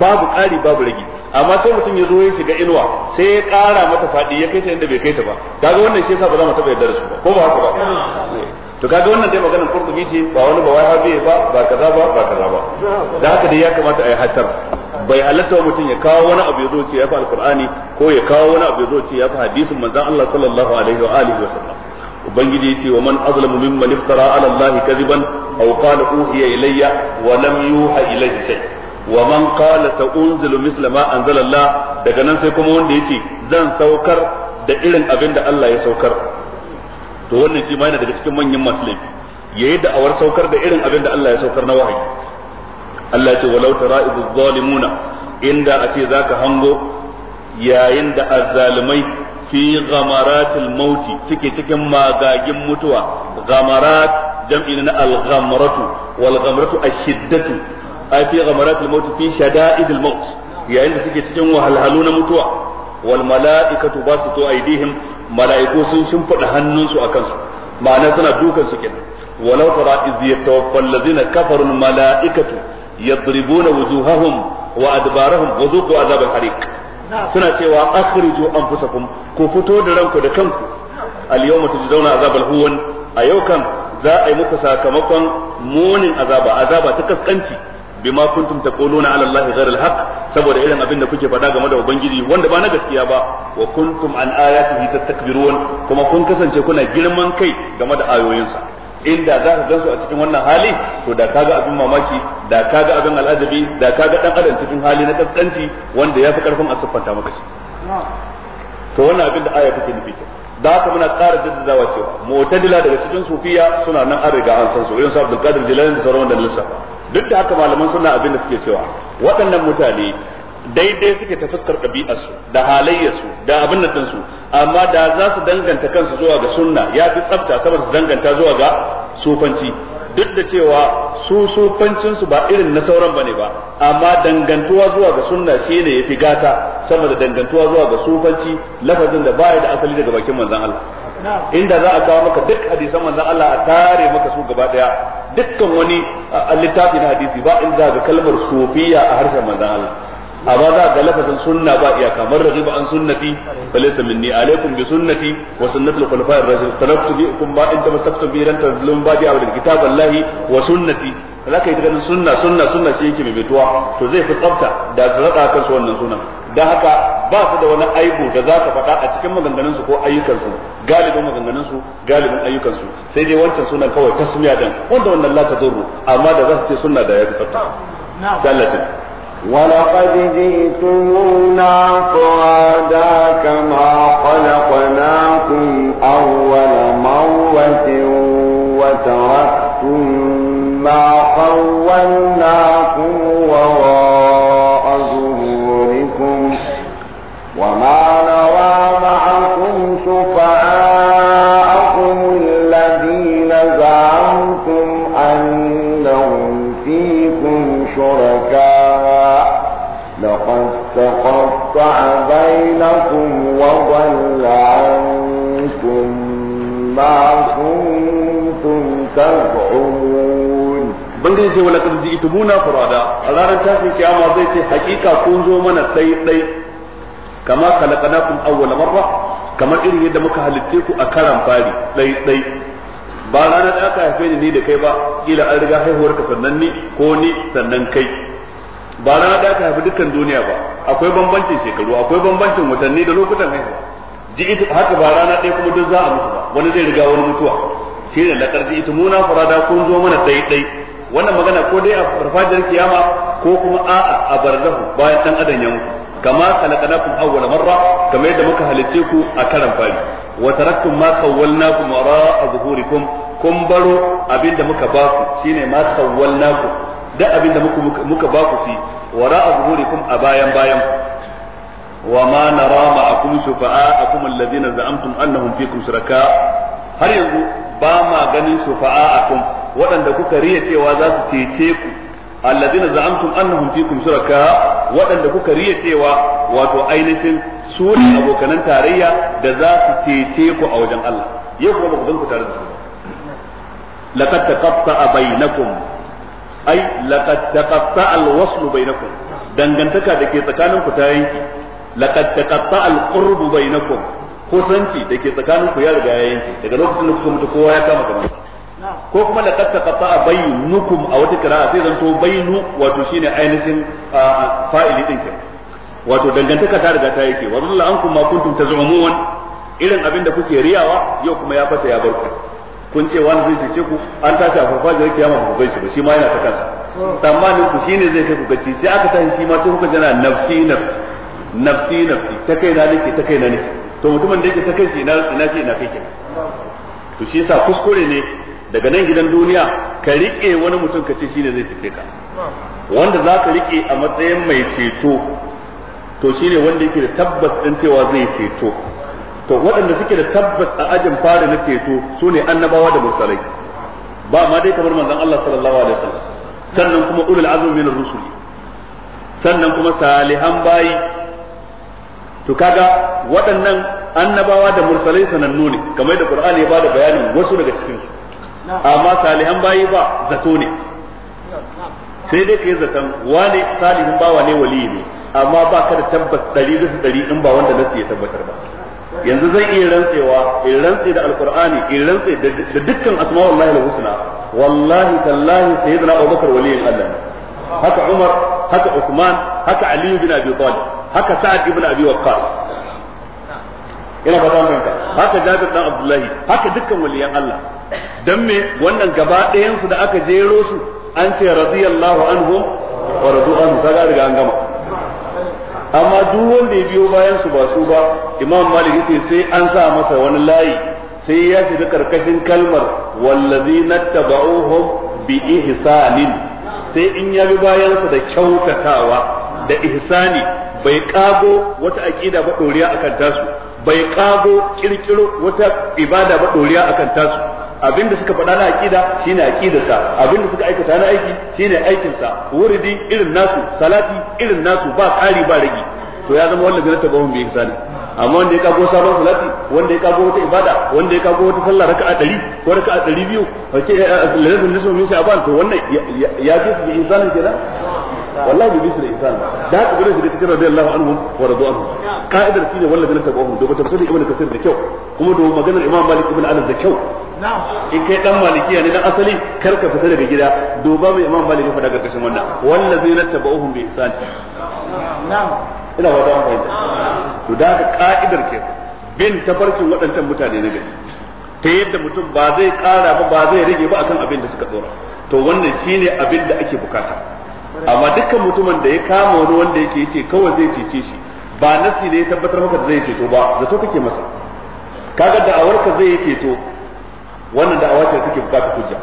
babu ƙari babu rage amma sai mutum ya zo ya shiga inuwa sai ya ƙara mata faɗi ya kai ta inda bai kai ta ba kaga wannan shi yasa ba za mu taɓa yarda da su ba ko ba haka ba to kaga wannan dai maganar kurtubi ce ba wani ba wahabi ba ba kaza ba ba kaza ba da haka dai ya kamata a yi hatar bai halatta wa mutum ya kawo wani abu ya zo ce ya fi alqur'ani ko ya kawo wani abu ya zo ce ya fi hadisin manzon Allah sallallahu alaihi wa alihi wa sallam ubangiji yace wa man azlamu mimman iftara ala allahi kadiban aw qala uhiya ilayya wa lam yuha ilayhi shay'a wa man qala ta unzilu misla ma anzalallah daga nan sai kuma wanda yace zan saukar da irin abin da Allah ya saukar to wannan shi ma yana daga cikin manyan masu laifi yayi da'awar saukar da irin abin da Allah ya saukar na wahayi Allah ya ce walau tara'ibu zalimuna inda a ce zaka hango yayin da azzalimai fi ghamaratil mauti cike cikin magagin mutuwa ghamarat jam'i na al-ghamratu wal ghamratu ash-shiddatu ai fi ghamaratil maut fi shada'idil maut yayin da suke cikin wahalhalu na mutuwa wal mala'ikatu basitu aydihim mala'iku sun shimfida hannunsu akan su ma'ana suna dukan su kenan walau tara iz yatawaffal ladzina kafaru al mala'ikatu yadribuna wujuhahum wa adbarahum wa adhab al hariq suna cewa akhriju anfusakum ku fito da ranku da kanku al yawma tujzauna azab al huwan a yau kan za a yi muku sakamakon munin azaba azaba ta kaskanci bima kuntum taquluna ala allahi ghayra alhaq saboda irin abin da kuke faɗa game da ubangiji wanda ba na gaskiya ba wa kuntum an ayatihi tastakbirun kuma kun kasance kuna girman kai game da ayoyinsa inda za ka gansu a cikin wannan hali to da kaga abin mamaki da kaga abin al'adabi da kaga dan adam cikin hali na kaskanci wanda yafi karfin a siffanta maka shi to wannan abin da aya take nufi da haka muna ƙara jaddadawa cewa mu'tadila daga cikin sufiya suna nan an riga an san su irin su Abdul Qadir Jilani da sauran da lissafa duk da haka malaman suna abin da suke cewa waɗannan mutane daidai suke ta fuskar ɗabi'arsu da halayyarsu da abin da su amma da za su danganta kansu zuwa ga sunna ya fi tsafta saboda su danganta zuwa ga sufanci duk da cewa su sufancinsu ba irin na sauran bane ba amma dangantuwa zuwa ga sunna shi ne ya fi gata saboda dangantuwa zuwa ga sufanci lafazin da baya da asali daga bakin manzon Allah inda za a kawo maka duk hadisan manzon Allah a tare maka su gaba daya dukkan wani littafi na hadisi ba inda za ga kalmar sufiya a harshen manzon Allah amma za ga lafazin sunna ba iya kamar ba an sunnati falaysa minni alaikum bi sunnati wa sunnatul khulafa'ir rashidin taraktu bikum ba in tamassaktum bi ran tadlum badi aw bil kitab wallahi wa sunnati zaka yi ta ganin sunna sunna sunna shi yake mai bituwa to zai fi tsafta da zaka kan su wannan sunan don haka ba su da wani aibu da za ka faɗa a cikin maganganunsu ko ayyukansu galibin maganganunsu galibin ayyukansu sai dai wancan sunan kawai tasmiya dan wanda wannan la tadurru amma da za su ce suna da ya fi tsafta sallatin ولقد جئتمونا فرادا كما خلقناكم أول مرة وتركتم ما خولناكم وراء بما كنتم ita بنجي سي ولقد جئتمونا فرادا الان تاسي كيما zai تي hakika كون mana منا dai داي كما خلقناكم awwal marra kamar irin yadda muka halicce ku a karan fari dai dai ba ranar da aka haife ni da kai ba kila an riga haihuwar ka sannan ni ko ni sannan kai ba ranar da aka haifi dukkan duniya ba akwai bambancin shekaru akwai bambancin watanni da lokutan haihuwa ji ita haka ba rana ɗaya kuma duk za a mutu ba wani zai riga wani mutuwa shi ne lakar ji ita muna farada kun zo mana tsaye ɗai wannan magana ko dai a farfajiyar kiyama ko kuma a'a a barzahu bayan ɗan adam ya mutu kama khalaqnakum awwala marra kamar yadda muka halicce ku a karan fari wa taraktum ma mara a zuhurikum kun baro abinda muka ba ku shine ma ku da abinda muka muka ba ku fi wara wara'a zuhurikum a bayan bayan وما نرى معكم شفعاءكم الذين زعمتم انهم فيكم شركاء har yanzu ba ma ganin shufa'a'akum waɗanda kuka riya cewa za su cece ku alladina za'amtum annahum fikum shuraka waɗanda kuka riya cewa wato ainihin su abokanan tarayya da za su cece ku a wajen Allah yau kuma ba ku tare da su laqad taqatta'a al dangantaka da ke tsakaninku ta yanki laqad taqatta al-qurbu bainakum kusanci da ke tsakanin ku ya riga ya yanke daga lokacin da kuka mutu kowa ya kama gaban ko kuma laqad taqatta bainukum a wata kira sai zanto bainu wato shine ainihin fa'ili din ke wato dangantaka ta riga ta yake wa dalla ankum ma kuntum tazumun irin abin da kuke riyawa yau kuma ya fata ya bar ku kun ce wani zai cece ku an tashi a farfajiyar kiyama ba ku bai shi ba shi ma yana ta kansa hmm. tsammanin ku shine zai kai ku gaci sai aka tashi shi ma sai kuka jana nafsi nafsi nafsi nafsi ta kai na nake ta kai na nake to mutumin da yake ta kai shi ina ina shi ina kai kenan to shi yasa kuskure ne daga nan gidan duniya ka rike wani mutum ka ce shine zai cece ka wanda za ka rike a matsayin mai ceto to shine wanda yake da tabbas din cewa zai ceto to waɗanda suke da tabbas a ajin fara na ceto su ne annabawa da mursalai ba ma dai kamar manzon Allah sallallahu alaihi wasallam sannan kuma ulul azmi min rusuli sannan kuma salihan bayi to kaga waɗannan annabawa da mursalai sanannu ne kamar da qur'ani ya bada bayanin wasu daga cikin su amma salihan bayi ba zato ne sai dai kai zaton wane salihin bawa ne wali ne amma ba ka da tabbas dari bisa dari in ba wanda nasu ya tabbatar ba yanzu zai iya rantsewa in rantse da alqur'ani in rantse da dukkan asma'ullahi al-husna wallahi tallahi sayyidina abubakar waliyin Allah haka umar haka usman haka ali bin abi talib haka sa'ad ibn abi waqqas ina ba zan ka haka jabir dan abdullahi haka dukkan waliyan Allah dan me wannan gaba ɗayan su da aka jero su an ce radiyallahu anhu wa radu anhu kaga daga an gama amma duk wanda ya biyo bayan su ba su ba imam malik yace sai an sa masa wani layi sai ya shiga karkashin kalmar wallazina tabauhum bi ihsanin sai in ya bi bayan su da kyautatawa da ihsani bai kago wata aqida ba doriya akan tasu bai kago kirkiro wata ibada ba doriya akan tasu abinda suka faɗa na aqida shine aqidarsa abinda suka aikata na aiki shine aikin sa wuridi irin nasu salati irin nasu ba kari ba ragi to ya zama wannan ganin tabawun bi sani amma wanda ya kago sabon salati wanda ya kago wata ibada wanda ya kago wata sallah raka'a 100 ko raka'a 200 fa ke lalatul nisfu min sha'ban to wannan ya fi ihsani kenan wallahi bi bisri insan da haka gudun da cikin radiyallahu anhu wa radu anhu ka'idar shine wallahi ta ba'u duba tafsir ibnu kasir da kyau kuma duba maganar imam malik ibn anas da kyau in kai dan malikiya ne dan asali kar ka fita daga gida duba mai imam malik ya faɗa wannan wallahi na tabauhum bi ihsan na'am ina ba da fahimta to da haka ke bin tafarkin waɗancan mutane na gari ta yadda mutum ba zai ƙara ba ba zai rage ba akan abin da suka tsora to wannan shine abin da ake bukata amma dukkan mutumin da ya kama wani wanda yake yace kawai zai cece shi ba nasi ne ya tabbatar maka da zai ceto ba zato kake masa kaga da'awar ka zai ceto wannan da'awa ce take bukata hujja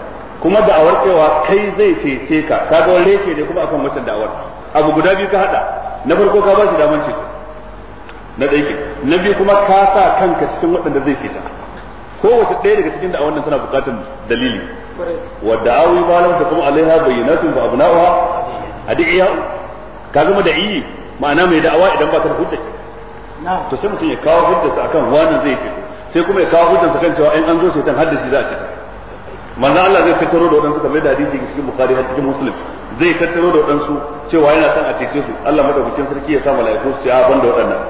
kuma da'awar cewa kai zai cece ka kaga wani rece ne kuma akan wancan da'awar abu guda biyu ka hada na farko ka ba shi daman ceto na daike na biyu kuma ka sa kanka cikin waɗanda zai ceta kowace ɗaya daga cikin da'awar nan tana bukatar dalili wadda awi malam ta kuma alaiha bayyanatun ba abna'uha iya ka zama da iyi ma'ana mai da'awa idan baka da hujja to sai mutum ya kawo hujjarsa akan wannan zai ce sai kuma ya kawo hujjarsa kan cewa in an zo shaitan haddace za a ce manzo Allah zai tattaro da wadansu kamar da hadisi cikin bukhari har cikin muslim zai tattaro da wadansu cewa yana son a cece su Allah madaukakin sarki ya sa malaiku su ya banda wadannan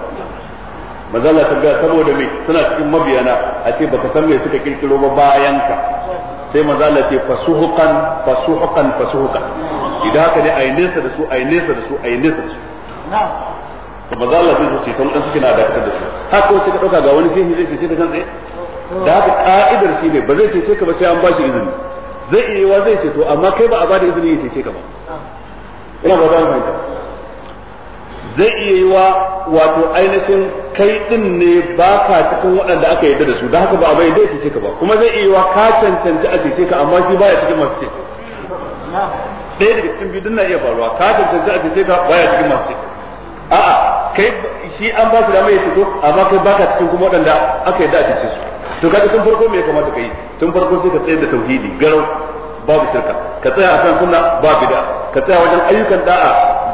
manzo Allah ta ga saboda me suna cikin mabiyana a ce baka san me suka kirkiro ba bayan ka sai manzo Allah ce fasuhuqan fasuhuqan fasuhuqan idan haka ne ai nesa da su ai nesa da su ai nesa da su to ba za Allah zai ce tun dan suke na dakatar da su haka wace ka dauka ga wani shehi zai ce ka kan tsaye da haka ka'idar shi ne ba zai ce ka ba sai an bashi izini zai iya wa zai ce to amma kai ba a bada izini ya ce ka ba ina ba za mu fahimta zai iya wa wato ainihin kai din ne ba ka cikin waɗanda aka yarda da su da haka ba a bai dai ce ka ba kuma zai iya wa ka cancanci a ce ka amma shi baya cikin masu ce ɗaya daga cikin biyu na iya faruwa ka ta tantance a cikin ka baya cikin masu ceto a'a kai shi an ba su dama ya A amma kai baka cikin kuma waɗanda aka da a cece su to kaga tun farko me ya kamata yi. tun farko sai ka tsaye da tauhidi garau babu shirka ka tsaya kan suna ba bid'a ka tsaya wajen ayyukan da'a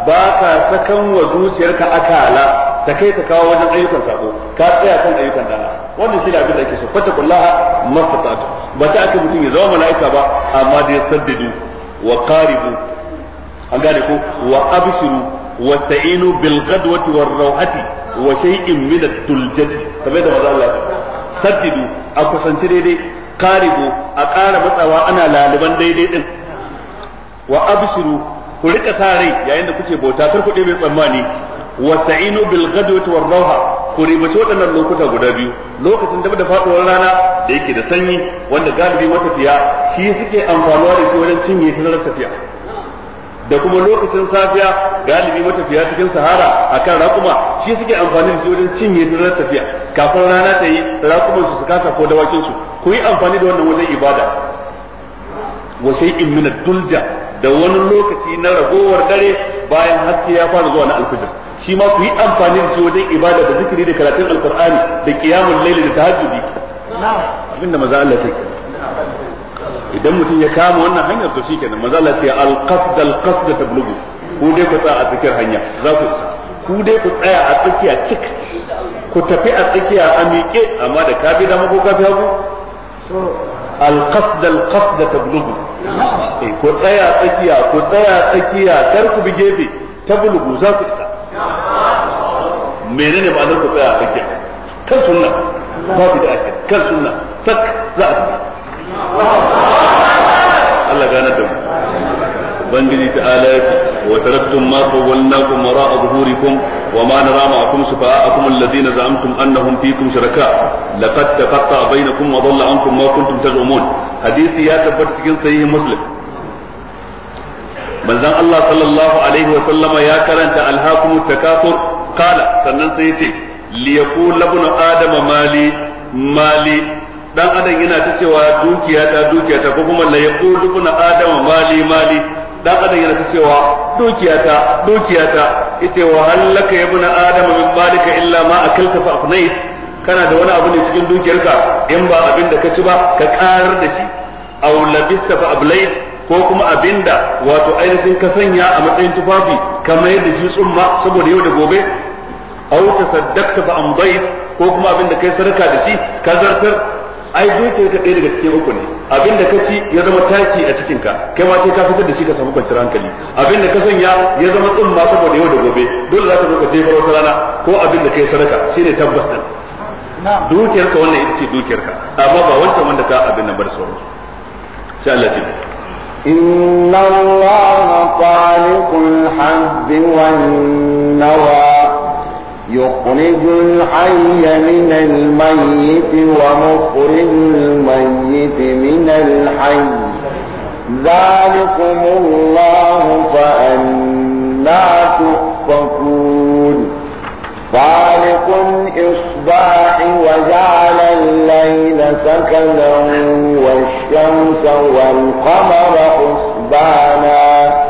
ba ka sakan wa zuciyarka akala ta kai ta kawo wajen ayyukan sako ka tsaya kan ayyukan da'a wannan shi ne abin da ake so fata kullaha mafatatu ba ta aka mutum ya zama mala'ika ba amma ya saddadu wa qaribu an gane ko wa abshiru wa ta'inu bil ghadwati war rawhati wa shay'in min ad-duljati da manzo Allah ya saddidu a kusanci daidai qaribu a ƙara matsawa ana laliban daidai ɗin. wa ku rika sa rai yayin da kuke bauta kar ku tsammani wa ta'inu ku ribaci waɗannan lokuta guda biyu lokacin da da faɗuwar rana da yake da sanyi wanda galibi matafiya shi suke amfanuwa da shi wajen cinye tazarar tafiya da kuma lokacin safiya galibi matafiya cikin sahara akan raƙuma shi suke amfani da shi wajen cinye tazarar tafiya kafin rana ta yi raƙuman su su kasa ko dawakin su ku yi amfani da wannan wajen ibada wa shay'in min ad-dulja da wani lokaci na ragowar dare bayan haske ya fara zuwa na alfijir shi ma ku yi amfani da shi wajen ibada da zikiri da karatun alqur'ani da qiyamul layli da tahajjudi abinda maza Allah sai idan mutum ya kama wannan hanyar to shikenan maza Allah sai alqasd alqasd tablugu ku dai ku tsaya a tsakiyar hanya za ku isa ku dai ku tsaya a tsakiya cik ku tafi a tsakiya a miƙe amma da ka bi dama ko ka bi hagu alqasd alqasd tablugu eh, ku tsaya a tsakiya ku tsaya a tsakiya kar ku bi gefe tablugu za ku isa menene ma'anar ku tsaya a tsakiya kan sunna ba ku da ake kan sunna tak za a Allah gane da mu ubangiji ta alayati wa taraktum ma qawwalnakum mara'a zuhurikum wa ma nara ma'akum shufa'akum alladhina za'amtum annahum fikum shuraka laqad taqatta'a bainakum wa dhalla ankum ma kuntum taz'umun hadisi ya tabbata cikin sahihin muslim manzon Allah sallallahu alaihi wa sallama ya karanta alhaqum takasur Kala sannan sai yace li yaqul ibn adama mali mali dan adam yana ta cewa dukiya ta dukiya ta ko kuma la yaqul ibn adama mali mali dan adam yana ta cewa dukiya ta dukiya ta yace wa halaka ibn adama min malika illa ma akalta fa afnait kana da wani abu ne cikin dukiyarka in ba abin da ka ci ba ka karar da shi aw labista fa ablait ko kuma abinda wato ainihin ka sanya a matsayin tufafi ka mayar da shi tsumma saboda yau da gobe aw tasaddaqta ba amdayt ko kuma abinda kai sadaka da shi ka zartar ai dukiyar ka ɗaya daga cikin uku ne abinda ka ci ya zama taki a cikin ka kai ma kai ka fitar da shi ka samu kwanciyar hankali abinda ka sanya ya zama tsumma saboda yau da gobe dole za ka zo ka jefar wata rana ko abinda kai sadaka shine tabbas din dukiyar ka wannan ita ce dukiyar ka amma ba wancan wanda ka abin nan bar sauransu sai Allah ya إن الله خالق الحب والنوى يخرج الحي من الميت ومخرج الميت من الحي ذلكم الله فأنا تؤفكون خالق إصلاح الإصباح وجعل الليل سكنا والشمس والقمر حسبانا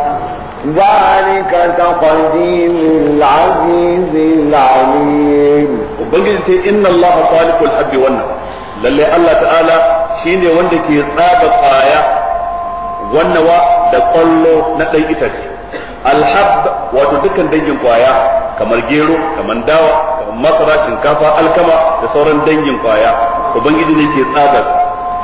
ذلك تقديم العزيز العليم وبنجد إن الله خالق الحب والنوى lalle Allah ta'ala shine wanda ke tsaba kwaya wannawa da kwallo na ɗan itace alhab wato dukkan dangin kwaya kamar gero kamar masara shinkafa alkama da sauran dangin kwaya ubangiji ne ke tsaga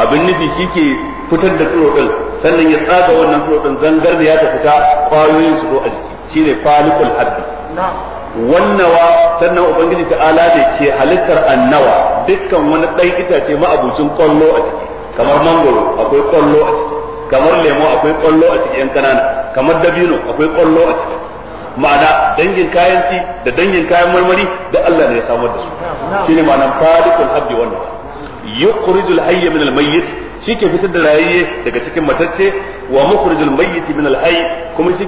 abin nufi shi ke fitar da tsiro din sannan ya tsaga wannan tsiro din zangar da ya ta fita kwayoyin su zo a jiki shine falikul haddi wannawa sannan ubangiji ala da ke halittar annawa dukkan wani ɗan itace ma'abucin kwallo a ciki kamar mangoro akwai kwallo a ciki kamar lemo akwai kwallo a ciki yan kanana kamar dabino akwai kwallo a ciki ma'ana dangin kayan ci da dangin kayan marmari da Allah ne ya samar da su shine ma'anar faliqul habbi wannan yukhrijul hayya min al-mayyit shi ke fitar da rayayye daga cikin matacce wa mukhrijul mayyit min al-hayy kuma shi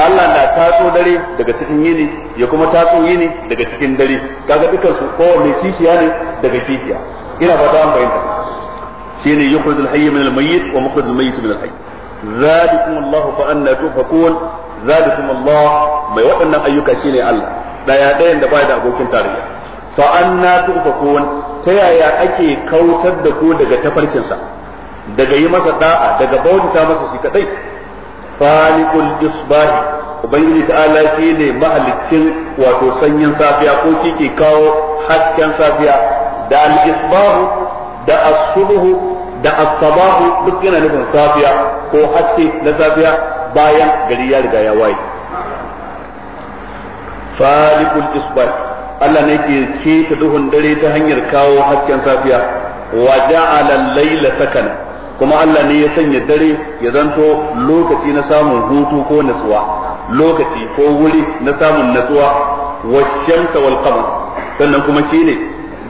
Allah na tatso dare daga cikin yini ya kuma tatso yini daga cikin dare kaga dukan su kowanne kishiya ne daga kishiya ina fata an bayyana shine yukhrijul hayya min al-mayyit wa mukhrijul mayyit min al-hayy ذلكم الله فأنا تؤفكون zalikum Allah mai waɗannan ayyuka shine Allah daya ɗayan da bai da abokin tarayya fa anna tufakun ta yaya ake kautar da ku daga tafarkin sa daga yi masa da'a daga bautata masa shi kadai falikul isbahi ubangiji ta'ala shi ne mahalicin wato sanyin safiya ko shi ke kawo hasken safiya da al-isbahu da as-subhu da as-sabahu duk yana nufin safiya ko haske na safiya bayan gari ya riga ya waye falikul Isbar, Allah ne ke ta duhun dare ta hanyar kawo hasken safiya wa ja'ala al-laila sakana kuma Allah ne ya sanya dare ya zanto lokaci na samun hutu ko natsuwa lokaci ko wuri na samun natsuwa wa wal qamar sannan kuma shine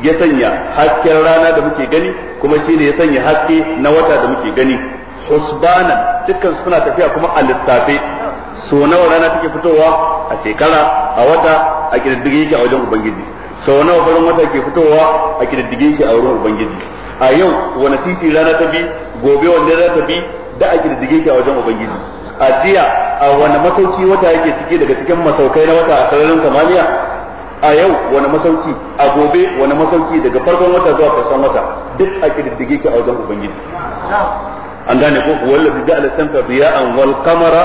ya sanya hasken rana da muke gani kuma shine ya sanya haske na wata da muke gani husbana dukkan suna tafiya kuma a lissafe so nawa rana take fitowa a shekara a wata a kididdige yake a wajen ubangiji so nawa farin wata ke fitowa a kididdige yake a wurin ubangiji a yau wani titi rana ta bi gobe wanda rana ta bi da a kididdige yake a wajen ubangiji a jiya a wani masauki wata yake cike daga cikin masaukai na wata a sararin samaniya a yau wani masauki a gobe wani masauki daga farkon wata zuwa karshen wata duk a kididdige yake a wajen ubangiji an gane ko wallazi ja'ala shamsa diya'an wal qamara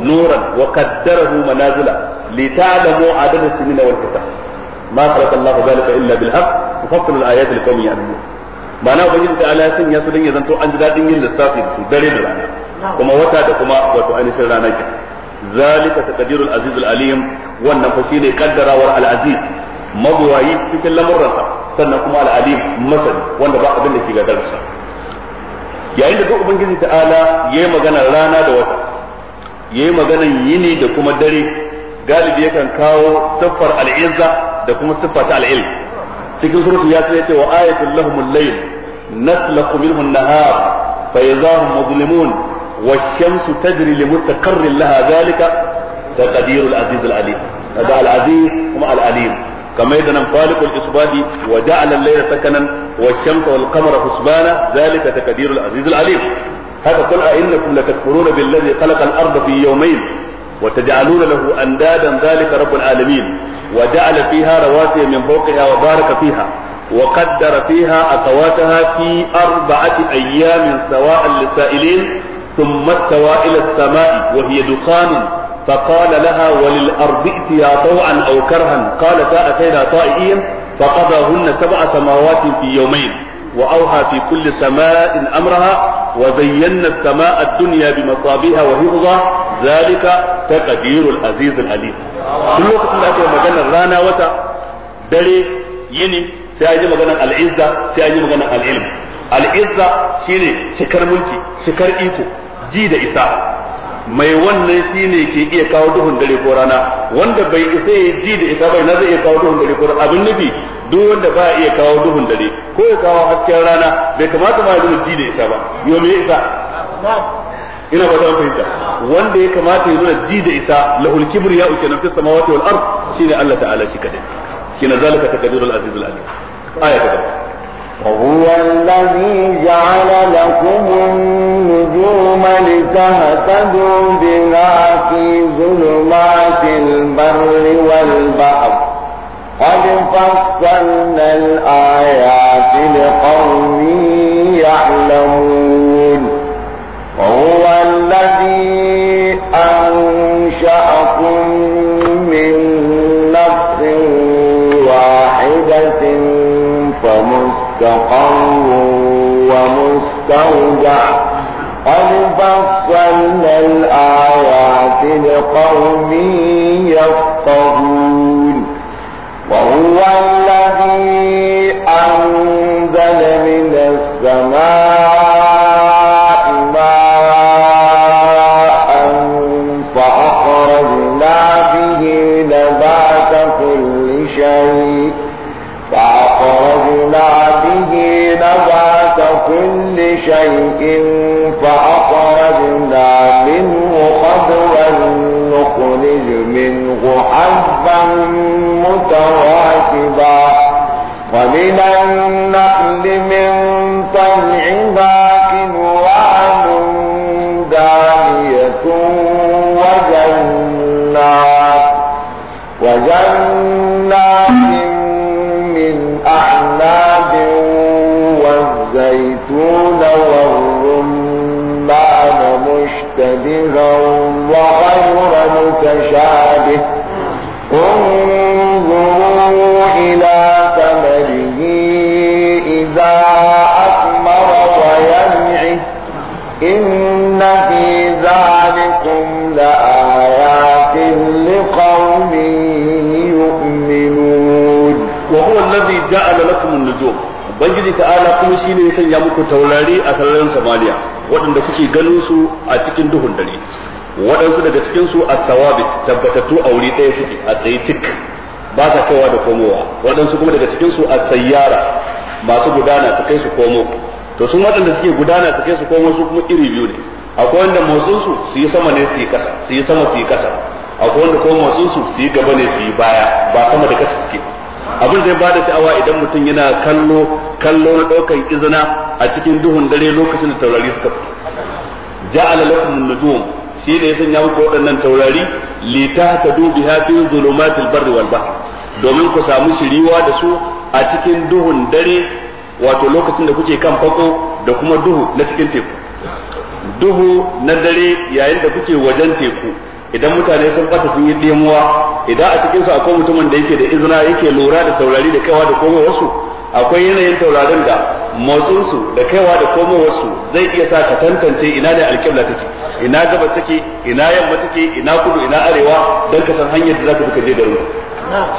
nuran wa qaddarahu manazila lita'lamu adada sinina wal hisab ma khalaqa Allahu dhalika illa bil haqq yufassilu al ayati liqaumin ya'lamun ma'ana ubangiji da Allah sun ya su dan ya zanto an ji dadin yin lissafi su dare da rana kuma wata da kuma wato ainihin rana ke zalika taqdirul aziz al alim wannan fa shine kaddarawar al aziz mabuwayi cikin lamurransa sannan kuma al alim masani wanda ba abin da ke gadarsa yayin da duk ubangiji ta'ala yayi magana rana da wata yayi magana yini da kuma dare galibi yakan kawo siffar al'izza da kuma siffar al'il cikin suratu ya yace wa ayatul lahumul layl naslaqu minhu an-nahar fa idahum muzlimun wash-shamsu tajri laha dhalika taqdirul aziz al-alim kaga al-aziz kuma al-alim kamar yadda falikul isbahi waje a lallai da sakanan والشمس والقمر حسبانا ذلك تقدير العزيز العليم هذا قل أئنكم لتكفرون بالذي خلق الأرض في يومين وتجعلون له أندادا ذلك رب العالمين وجعل فيها رواسي من فوقها وبارك فيها وقدر فيها أقواتها في أربعة أيام سواء للسائلين ثم استوى إلى السماء وهي دخان فقال لها وللأرض ائتيا طوعا أو كرها قالتا أتينا طائعين فقضاهن سبع سماوات في يومين واوحى في كل سماء امرها وزينا السماء الدنيا بمصابيها وحفظا ذلك تقدير العزيز العليم آه. كل وقت ما اتوا مجانا رانا وتا دري يني سيأجي مجانا العزة سيأجي مجانا العلم العزة شيني شكر ملكي شكر ايكو جيد إساءة mai wannan shi ne ke iya kawo duhun dare ko rana wanda bai isa ya ji da isa bai na zai iya kawo duhun dare ko rana abin nufi duk wanda ba iya kawo duhun dare ko ya kawo hasken rana bai kamata ma ya zama ji da isa ba yau me isa ina ba za fahimta wanda ya kamata ya nuna ji da isa lahul kibriya uke nan fi samawati wal ard shine Allah ta'ala shi kadai shine zalika taqdirul azizul alim aya ta gaba وهو الذي جعل لكم النجوم لتهتدوا بها في ظلمات البر والبحر قد فصلنا الآيات لقوم مستودع قد فصلنا الآيات لقوم يفقهون وهو sanya muku taurari a sararin samaniya waɗanda kuke ganin su a cikin duhun dare waɗansu daga cikin su as tabbatattu a wuri ɗaya suke a tsaye tik ba sa kaiwa da komowa waɗansu kuma daga cikin su as-sayyara masu gudana su kai su komo to sun waɗanda suke gudana su kai su komo su kuma iri biyu ne akwai wanda motsin su su yi sama ne su yi kasa su yi sama su yi kasa akwai wanda kuma motsin su su yi gaba ne su yi baya ba sama da kasa suke abin da ya bada sha'awa idan mutum yana kallo kallo na ɗaukar izina a cikin duhun dare lokacin da taurari suka fito ja'ala lakum an-nujum shi ne ya sanya muku waɗannan taurari lita tahtadu dubi, fi zulumatil barri wal bahr domin ku samu shiriwa da su a cikin duhun dare wato lokacin da kuke kan fako da kuma duhu na cikin teku duhu na dare yayin da kuke wajen teku idan mutane sun bata sun yi demuwa idan a cikin su akwai mutumin da yake da izina yake lura da taurari da kaiwa da kowa wasu akwai yanayin taurarin da motsinsu da kaiwa da komowarsu zai iya sa ka tantance ina ne alƙibla take ina gabas take ina yamma take ina kudu ina arewa don ka san hanyar da za ka bi ka je garin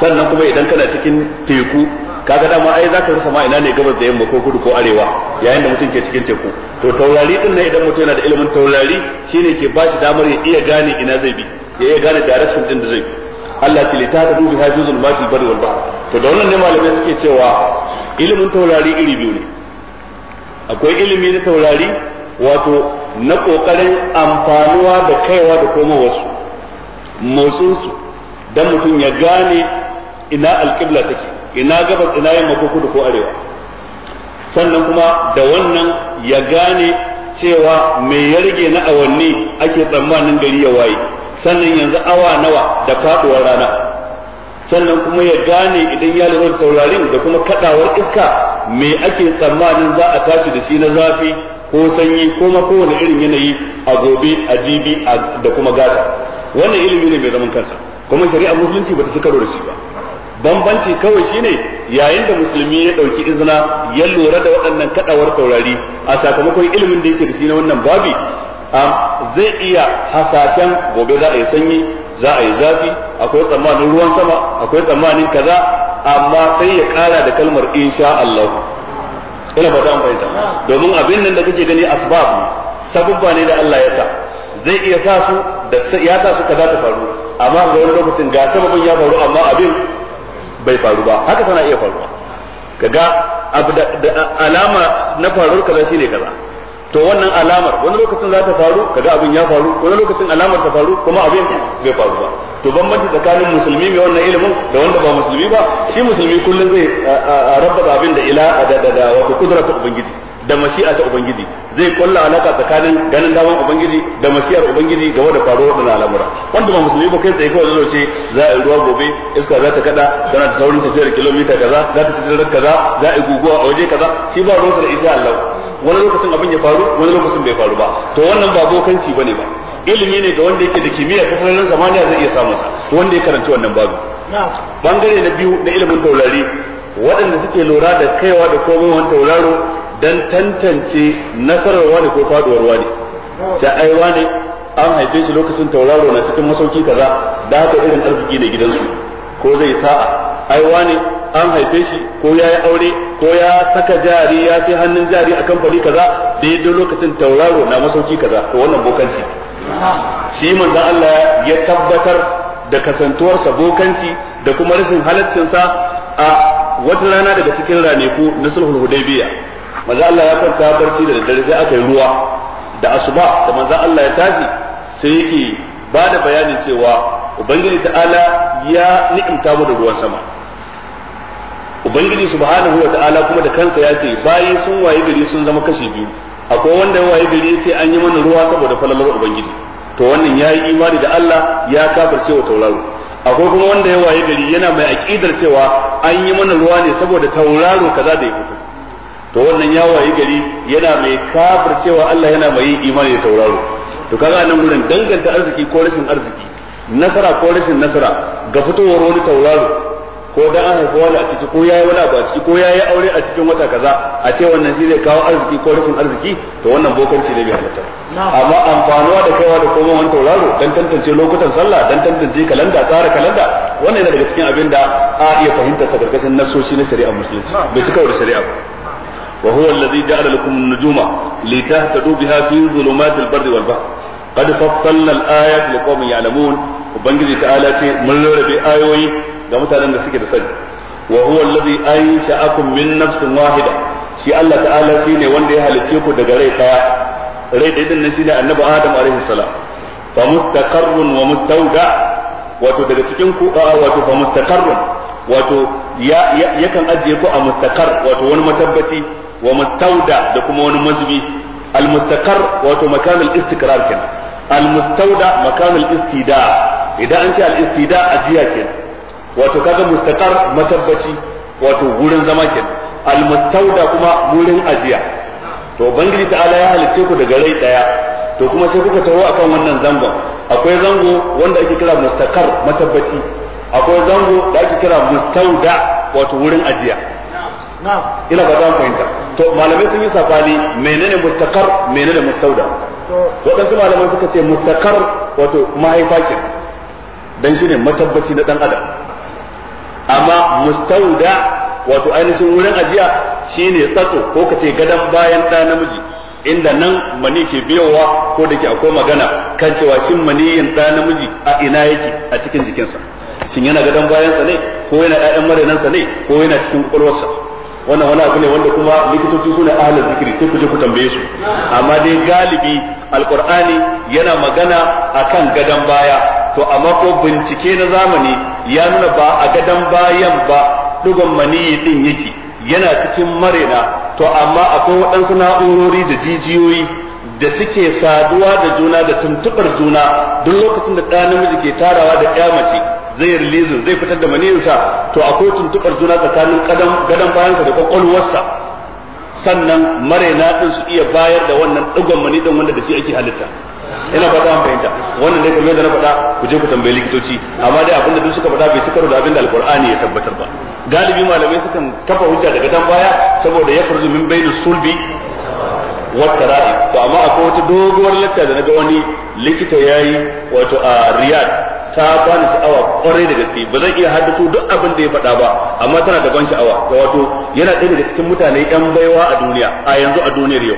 sannan kuma idan kana cikin teku kaga dama ai ka rasa ma ina ne gabas da yamma ko kudu ko arewa yayin da mutum ke cikin teku to taurari din ne idan mutum yana da ilimin taurari shine ke ba shi damar ya iya gane ina zai bi ya iya gane direction din da zai bi Allah ke lita ta dubi hafi zulmatil bari wal ba to da wannan ne malamai suke cewa ilimin taurari iri biyu ne akwai ilimi na taurari wato na ƙoƙarin amfanuwa da kaiwa da komowarsu motsinsu don mutum ya gane ina alƙibla take ina gabas ina yin ko kudu ko arewa sannan kuma da wannan ya gane cewa mai ya rage na awanni ake tsammanin gari ya waye sannan yanzu awa nawa da faɗuwar rana sannan kuma ya gane idan ya lura taurarin da kuma kadawar iska me ake tsammanin za a tashi da shi na zafi ko sanyi ko ma kowane irin yanayi a gobe a jibi da kuma gada wannan ilimi ne mai zaman kansa kuma shari'a musulunci bata su karo da shi ba bambanci kawai shine yayin da musulmi ya dauki izina ya lura da waɗannan kadawar taurari a sakamakon ilimin da yake da shi na wannan babi zai iya hasashen gobe za a yi sanyi za a yi zafi akwai tsammanin ruwan sama akwai tsammanin kaza amma sai ya kara da kalmar insha Allah ina ba an fahimta domin abin nan da kake gani asbab sabubba ne da Allah ya sa zai iya sa su da ya sa su kaza ta faru amma ga wani lokacin ga sababin ya faru amma abin bai faru ba haka tana iya faruwa kaga abu da alama na faruwar kaza shine kaza to wannan alamar wani lokacin za ta faru kaga abin ya faru wani lokacin alamar ta faru kuma abin bai faru ba to bambanci tsakanin musulmi mai wannan ilimin da wanda ba musulmi ba shi musulmi kullum zai rabba abin da ila da da wato kudura ta ubangiji da mashi'a ta ubangiji zai kulla alaka tsakanin ganin daman ubangiji da mashi'ar ubangiji game da faruwar da al'amura wanda ba musulmi ba kai tsaye kawai zai ce za a yi ruwa gobe iska za ta kada tana da saurin tafiyar kilomita kaza za ta da kaza za a yi guguwa a waje kaza shi ba ruwa da isa Allah wani lokacin abin ya faru wani lokacin bai faru ba to wannan ba bokanci bane ba ilimi ne ga wanda yake da kimiyya ta sararin zamaniya zai iya samunsa wanda ya karanci wannan babu bangare na biyu na ilimin taurari waɗanda suke lura da kaiwa da wani tauraro don tantance nasararwa ne ko faduwarwa ne ta aiwa ne an haife shi lokacin tauraro na cikin masauki kaza da haka irin arziki ne gidansu ko zai sa'a aiwa ne an haife shi ko ya yi aure ko ya saka jari ya sai hannun jari a kamfanin kaza Da yadda lokacin tauraro na masauki kaza ko wannan bokanci shi manzan Allah ya tabbatar da kasantuwarsa bokanci da kuma rashin halittinsa a wata rana daga cikin raneku na sulhul hudaybiya Maza Allah ya kwanta barci da daddare sai aka yi ruwa da asuba da manzan Allah ya tafi sai yake ba da bayanin cewa ubangiji ta'ala ya ni'imta mu da ruwan sama ubangiji subhanahu wa ta'ala kuma da kansa ya ce bayi sun waye gari sun zama kashi biyu akwai wanda waye gari sai an yi mana ruwa saboda falalar ubangiji to wannan ya yi imani da Allah ya kafirce wa tauraro akwai kuma wanda ya waye gari yana mai aqidar cewa an yi mana ruwa ne saboda tauraro kaza da ya to wannan ya waye gari yana mai kafircewa Allah yana mai imani da tauraro to kaga nan gurin danganta arziki ko rashin arziki nasara ko rashin nasara ga fitowar wani tauraro ko dan an haifi wani a ciki ko yayi wani abu a ciki ko yayi aure a cikin wata kaza a ce wannan shi zai kawo arziki ko rashin arziki to wannan bokanci ne bai halatta amma amfanuwa da kaiwa da komawa wani tauraro dan tantance lokutan sallah dan tantance kalanda tsara kalanda wannan yana daga cikin abin da a iya fahimta sa karkashin nasoshi na shari'a musulunci bai cika da shari'a ba وهو الذي جعل لكم النجوم ba. بها في ظلمات البر والبحر قد فصلنا الآيات لقوم يعلمون وبنجد تعالى من ربي ayoyi. ga mutanen da suke da sani wa huwa allazi ansha'akum min nafsin wahida shi Allah ta'ala ne wanda ya halicce ku daga rai daya rai daya din nan shine annabi Adam alaihi salam fa mustaqarrun wa mustawda wato daga cikin ku wato fa mustaqarrun wato ya yakan ajiye ku a mustaqar wato wani matabbaci wa mustawda da kuma wani mazbi al mustaqar wato makan al istiqrar kenan al mustawda makan al istida idan an ce al istida ajiya kenan wato kaga mustaqar matabbaci wato gurin zama kenan al kuma gurin ajiya to ubangiji ta'ala ya halicce ku daga rai daya to kuma sai kuka taho akan wannan zangon akwai zango wanda ake kira mustaqar matabbaci akwai zango da ake kira mustauda wato wurin ajiya ina ba za mu fahimta to malamai sun yi safani menene mustaqar menene mustauda waɗansu malamai suka ce mustaqar wato mahaifa kenan dan shine matabbaci na dan adam amma mustauda wato ainihin wurin ajiya shine tsato ko ka ce gadan bayan ɗa namiji inda nan mani ke biyowa ko da ke akwai magana kan cewa shin maniyin ɗa namiji a ina yake a cikin jikinsa shin yana gadon bayansa ne ko yana ƴaƴan marinansa ne ko yana cikin ƙwaƙwalwarsa wannan wani abu ne wanda kuma likitoci suna ahlul zikiri sai ku je ku tambaye su amma dai galibi Alƙur'ani yana magana akan gadon baya to amma ko bincike na zamani ya nuna ba a gadan bayan ba dugon maniyi din yake yana cikin marena to amma akwai waɗansu na'urori da jijiyoyi da suke saduwa da juna da tuntuɓar juna duk lokacin da ɗa namiji ke tarawa da ƴa mace zai rilizin zai fitar da maniyinsa to akwai tuntuɓar juna tsakanin gadon bayansa da kwakwalwarsa sannan marena din su iya bayar da wannan ɗigon mani ɗin wanda da shi ake halitta ina fata an fahimta wannan dai kamar da na faɗa ku je ku tambayi likitoci amma dai abinda duk suka faɗa bai ci karo da abinda alqur'ani ya tabbatar ba galibi malamai sukan kafa hujja daga dan baya saboda ya farzu min ni sulbi wattara'i to amma akwai wata doguwar lacca da naga wani likita yayi wato a Riyadh ta bani sha'awa kwarai da gaske ba zan iya haddasu duk abin da ya faɗa ba amma tana da ban sha'awa wato yana ɗaya daga cikin mutane yan baiwa a duniya a yanzu a duniyar yau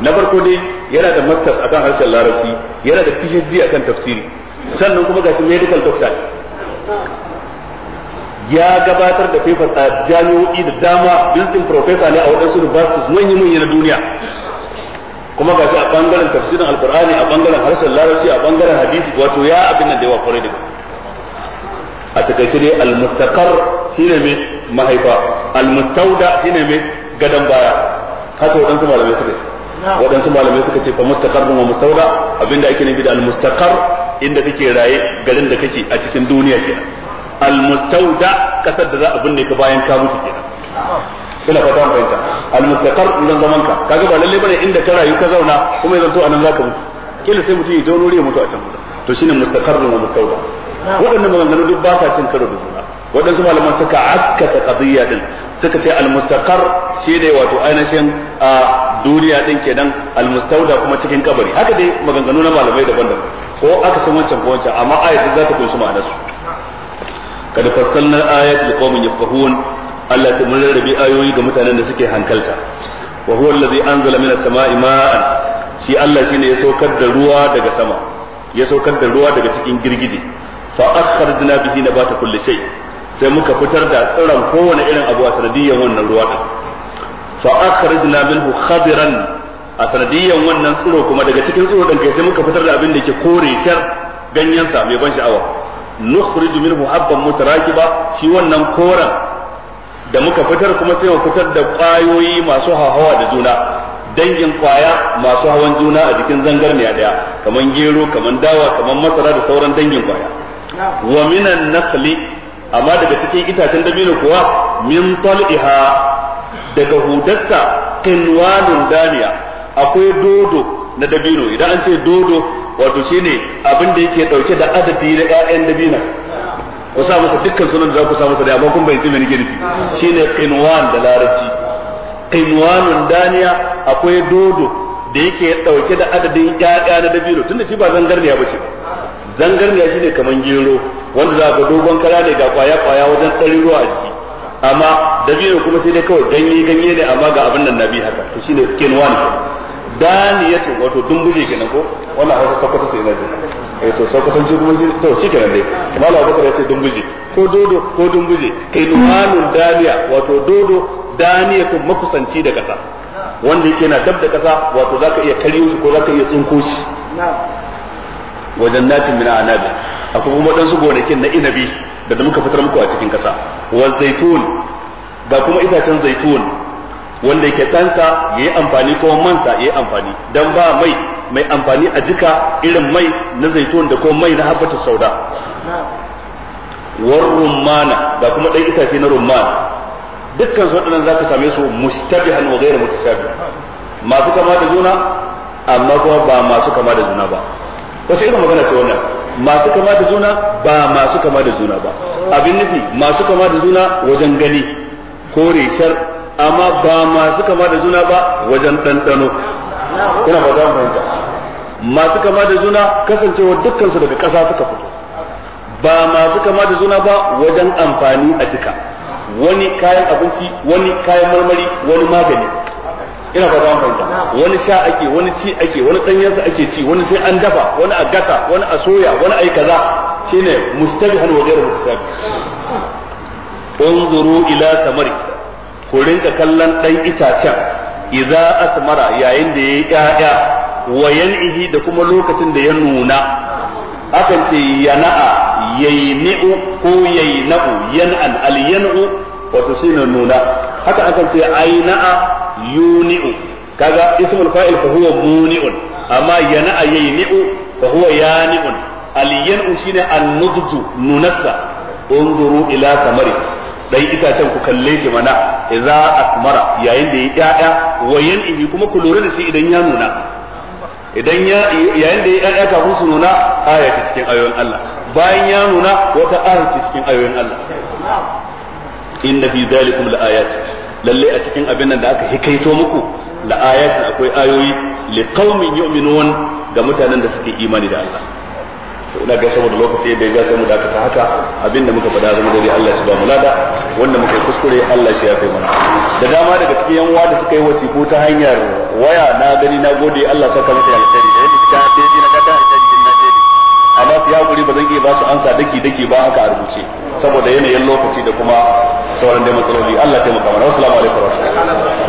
na farko dai yana da masters akan harshen larabci yana da PhD akan tafsiri sannan kuma gashi medical doctor ya gabatar da paper a jami'o'i da dama visiting professor ne a waɗansu universities manyan manyan na duniya kuma ga shi a bangaren tafsirin alkur'ani a bangaren harshen larabci a bangaren hadisi wato ya abin nan da yawa kwarai da gaske a takaice dai almustaqar shine mai mahaifa almustauda shine mai gadan baya haka waɗansu malamai suka ce waɗansu malamai suka ce fa mustaqar wa mustauda abinda ake nufi da almustaqar inda kake raye garin da kake a cikin duniya kenan almustauda kasar da za a binne ka bayan ka mutu kenan ina fata an fahimta al-mustaqar idan zaman ka kaga ba lalle bane inda ka rayu ka zauna kuma yanzu anan zaka mutu kila sai mutum ya je wuri ya mutu a can mutu to shine mustaqar wa mustawda waɗannan maganganu duk ba sa cin karo da juna wadansu malaman suka akkata qadiyya din suka ce al-mustaqar shi ne wato ainihin a duniya din kenan al-mustawda kuma cikin kabari haka dai maganganu na malamai daban-daban ko aka san wancan ko wancan amma ayatu za ta kunshi ma'anarsu kada fasalna ayatu qaumin yafqahun Allah ta mun rarrabe ayoyi ga mutanen da suke hankalta wa huwa allazi anzala minas sama'i ma'an shi Allah shine ya saukar da ruwa daga sama ya saukar da ruwa daga cikin girgije fa akhrajna bihi nabata kulli shay sai muka fitar da tsiran kowane irin abu a sanadiyan wannan ruwa din fa akhrajna minhu khadiran a sanadiyan wannan tsiro kuma daga cikin tsiro din kai sai muka fitar da abin da yake kore shar sa mai ban sha'awa nukhrij minhu habban mutarakiba shi wannan koran da muka fitar kuma sai mu fitar da kwayoyi masu hawa da juna dangin kwaya masu hawan juna a jikin zangarniya daya kaman gero kaman dawa kaman masara da sauran dangin kwaya wa minan nakhli amma daga cikin itacen dabino kuwa min tal'iha daga hudarta qinwanun daniya akwai dodo na dabino idan an ce dodo wato shine abin da yake dauke da adadi na 'ya'yan dabino ku sa masa dukkan sunan da za ku sa masa da amma kun bai tsime nake nufi shine qinwan da larabci qinwanun daniya akwai dodo da yake dauke da adadin ƴaƴa na dabino tunda shi ba zangarniya bace zangarniya shine kaman gero wanda za ka dogon kala ne ga kwaya kwaya wajen ɗari ruwa a ciki amma dabino kuma sai dai kawai ganye ganye ne amma ga abin nan nabi haka to shine qinwan daniyatu wato dumbuje kenan ko wannan hausa sakwata sai na eh to sai kusanci kuma zai to shi kenan dai mallam abubakar ya ce dunguje ko dodo ko dunguje kai numanun daniya wato dodo daniyatun makusanci da kasa wanda yake na dab da kasa wato zaka iya kariyo shi ko zaka iya tsinko shi wa jannatin min anabi akwai kuma su gonakin na inabi da muka fitar muku a cikin kasa wa zaitun ga kuma itacen zaitun wanda yake tsansa yayi amfani ko sa yayi amfani dan ba mai mai amfani a jika irin mai na zaitun da ko mai na habbatu sauda war rumana da kuma ɗan itace na rumman dukkan su waɗannan zaka same su mustabihan wa ghairu mutashabih masu kama da juna amma kuma ba masu kama da juna ba wasu irin magana ce wannan masu kama da juna ba masu kama da juna ba abin nufi masu kama da juna wajen gani ko reshar amma ba masu kama da juna ba wajen ɗanɗano ina ba za mu fahimta masu kama da juna kasancewa dukkansu daga ƙasa suka fito ba masu kama da juna ba wajen amfani a jika wani kayan abinci wani kayan marmari wani magani ina ba zan fahimta wani sha ake wani ci ake wani ɗanyensa ake ci wani sai an dafa wani a gasa wani a soya wani a yi kaza shine mustabihan wa ghayr mustabihan unzuru ila samari ku rinka kallon ɗan itacen idza asmara yayin da yayi ƴaƴa wa yan'ihi da kuma lokacin da ya nuna akan ce yana'a yayni'u ko yayna'u yan'an al yan'u wato shine nuna haka akan ce aina'a yuni'u kaga ismul fa'il fa huwa muni'un amma yana'a yayni'u fa huwa yani'un al yan'u shine an nudju nunassa unzuru ila samari ita itacen ku kalle shi mana idza asmara yayin da ya yaya wayan yan'i kuma ku lura da shi idan ya nuna idan yayin da ya ɗan kafin su nuna aya ta cikin ayoyin Allah bayan ya nuna wata aya ta cikin ayoyin Allah inna fi zalikum al-ayat lalle a cikin abin nan da aka hikaito muku laayatin akwai ayoyi liqaumin yu'minun ga mutanen da suke imani da Allah to ina ga saboda lokaci yadda ya sai mu dakata haka abinda muka faɗa zama dare Allah shi ba mu lada wanda muka kuskure Allah shi ya kai mana da dama daga cikin yan uwa da suka yi wasiku ta hanyar waya na gani na gode Allah saka musu alheri da yadda suka haɗe na gata alkhairi na gode amma ku ya guri ba zan iya ba su ansa daki daki ba haka a rubuce saboda yanayin lokaci da kuma sauran dai matsaloli Allah taimaka mana assalamu alaikum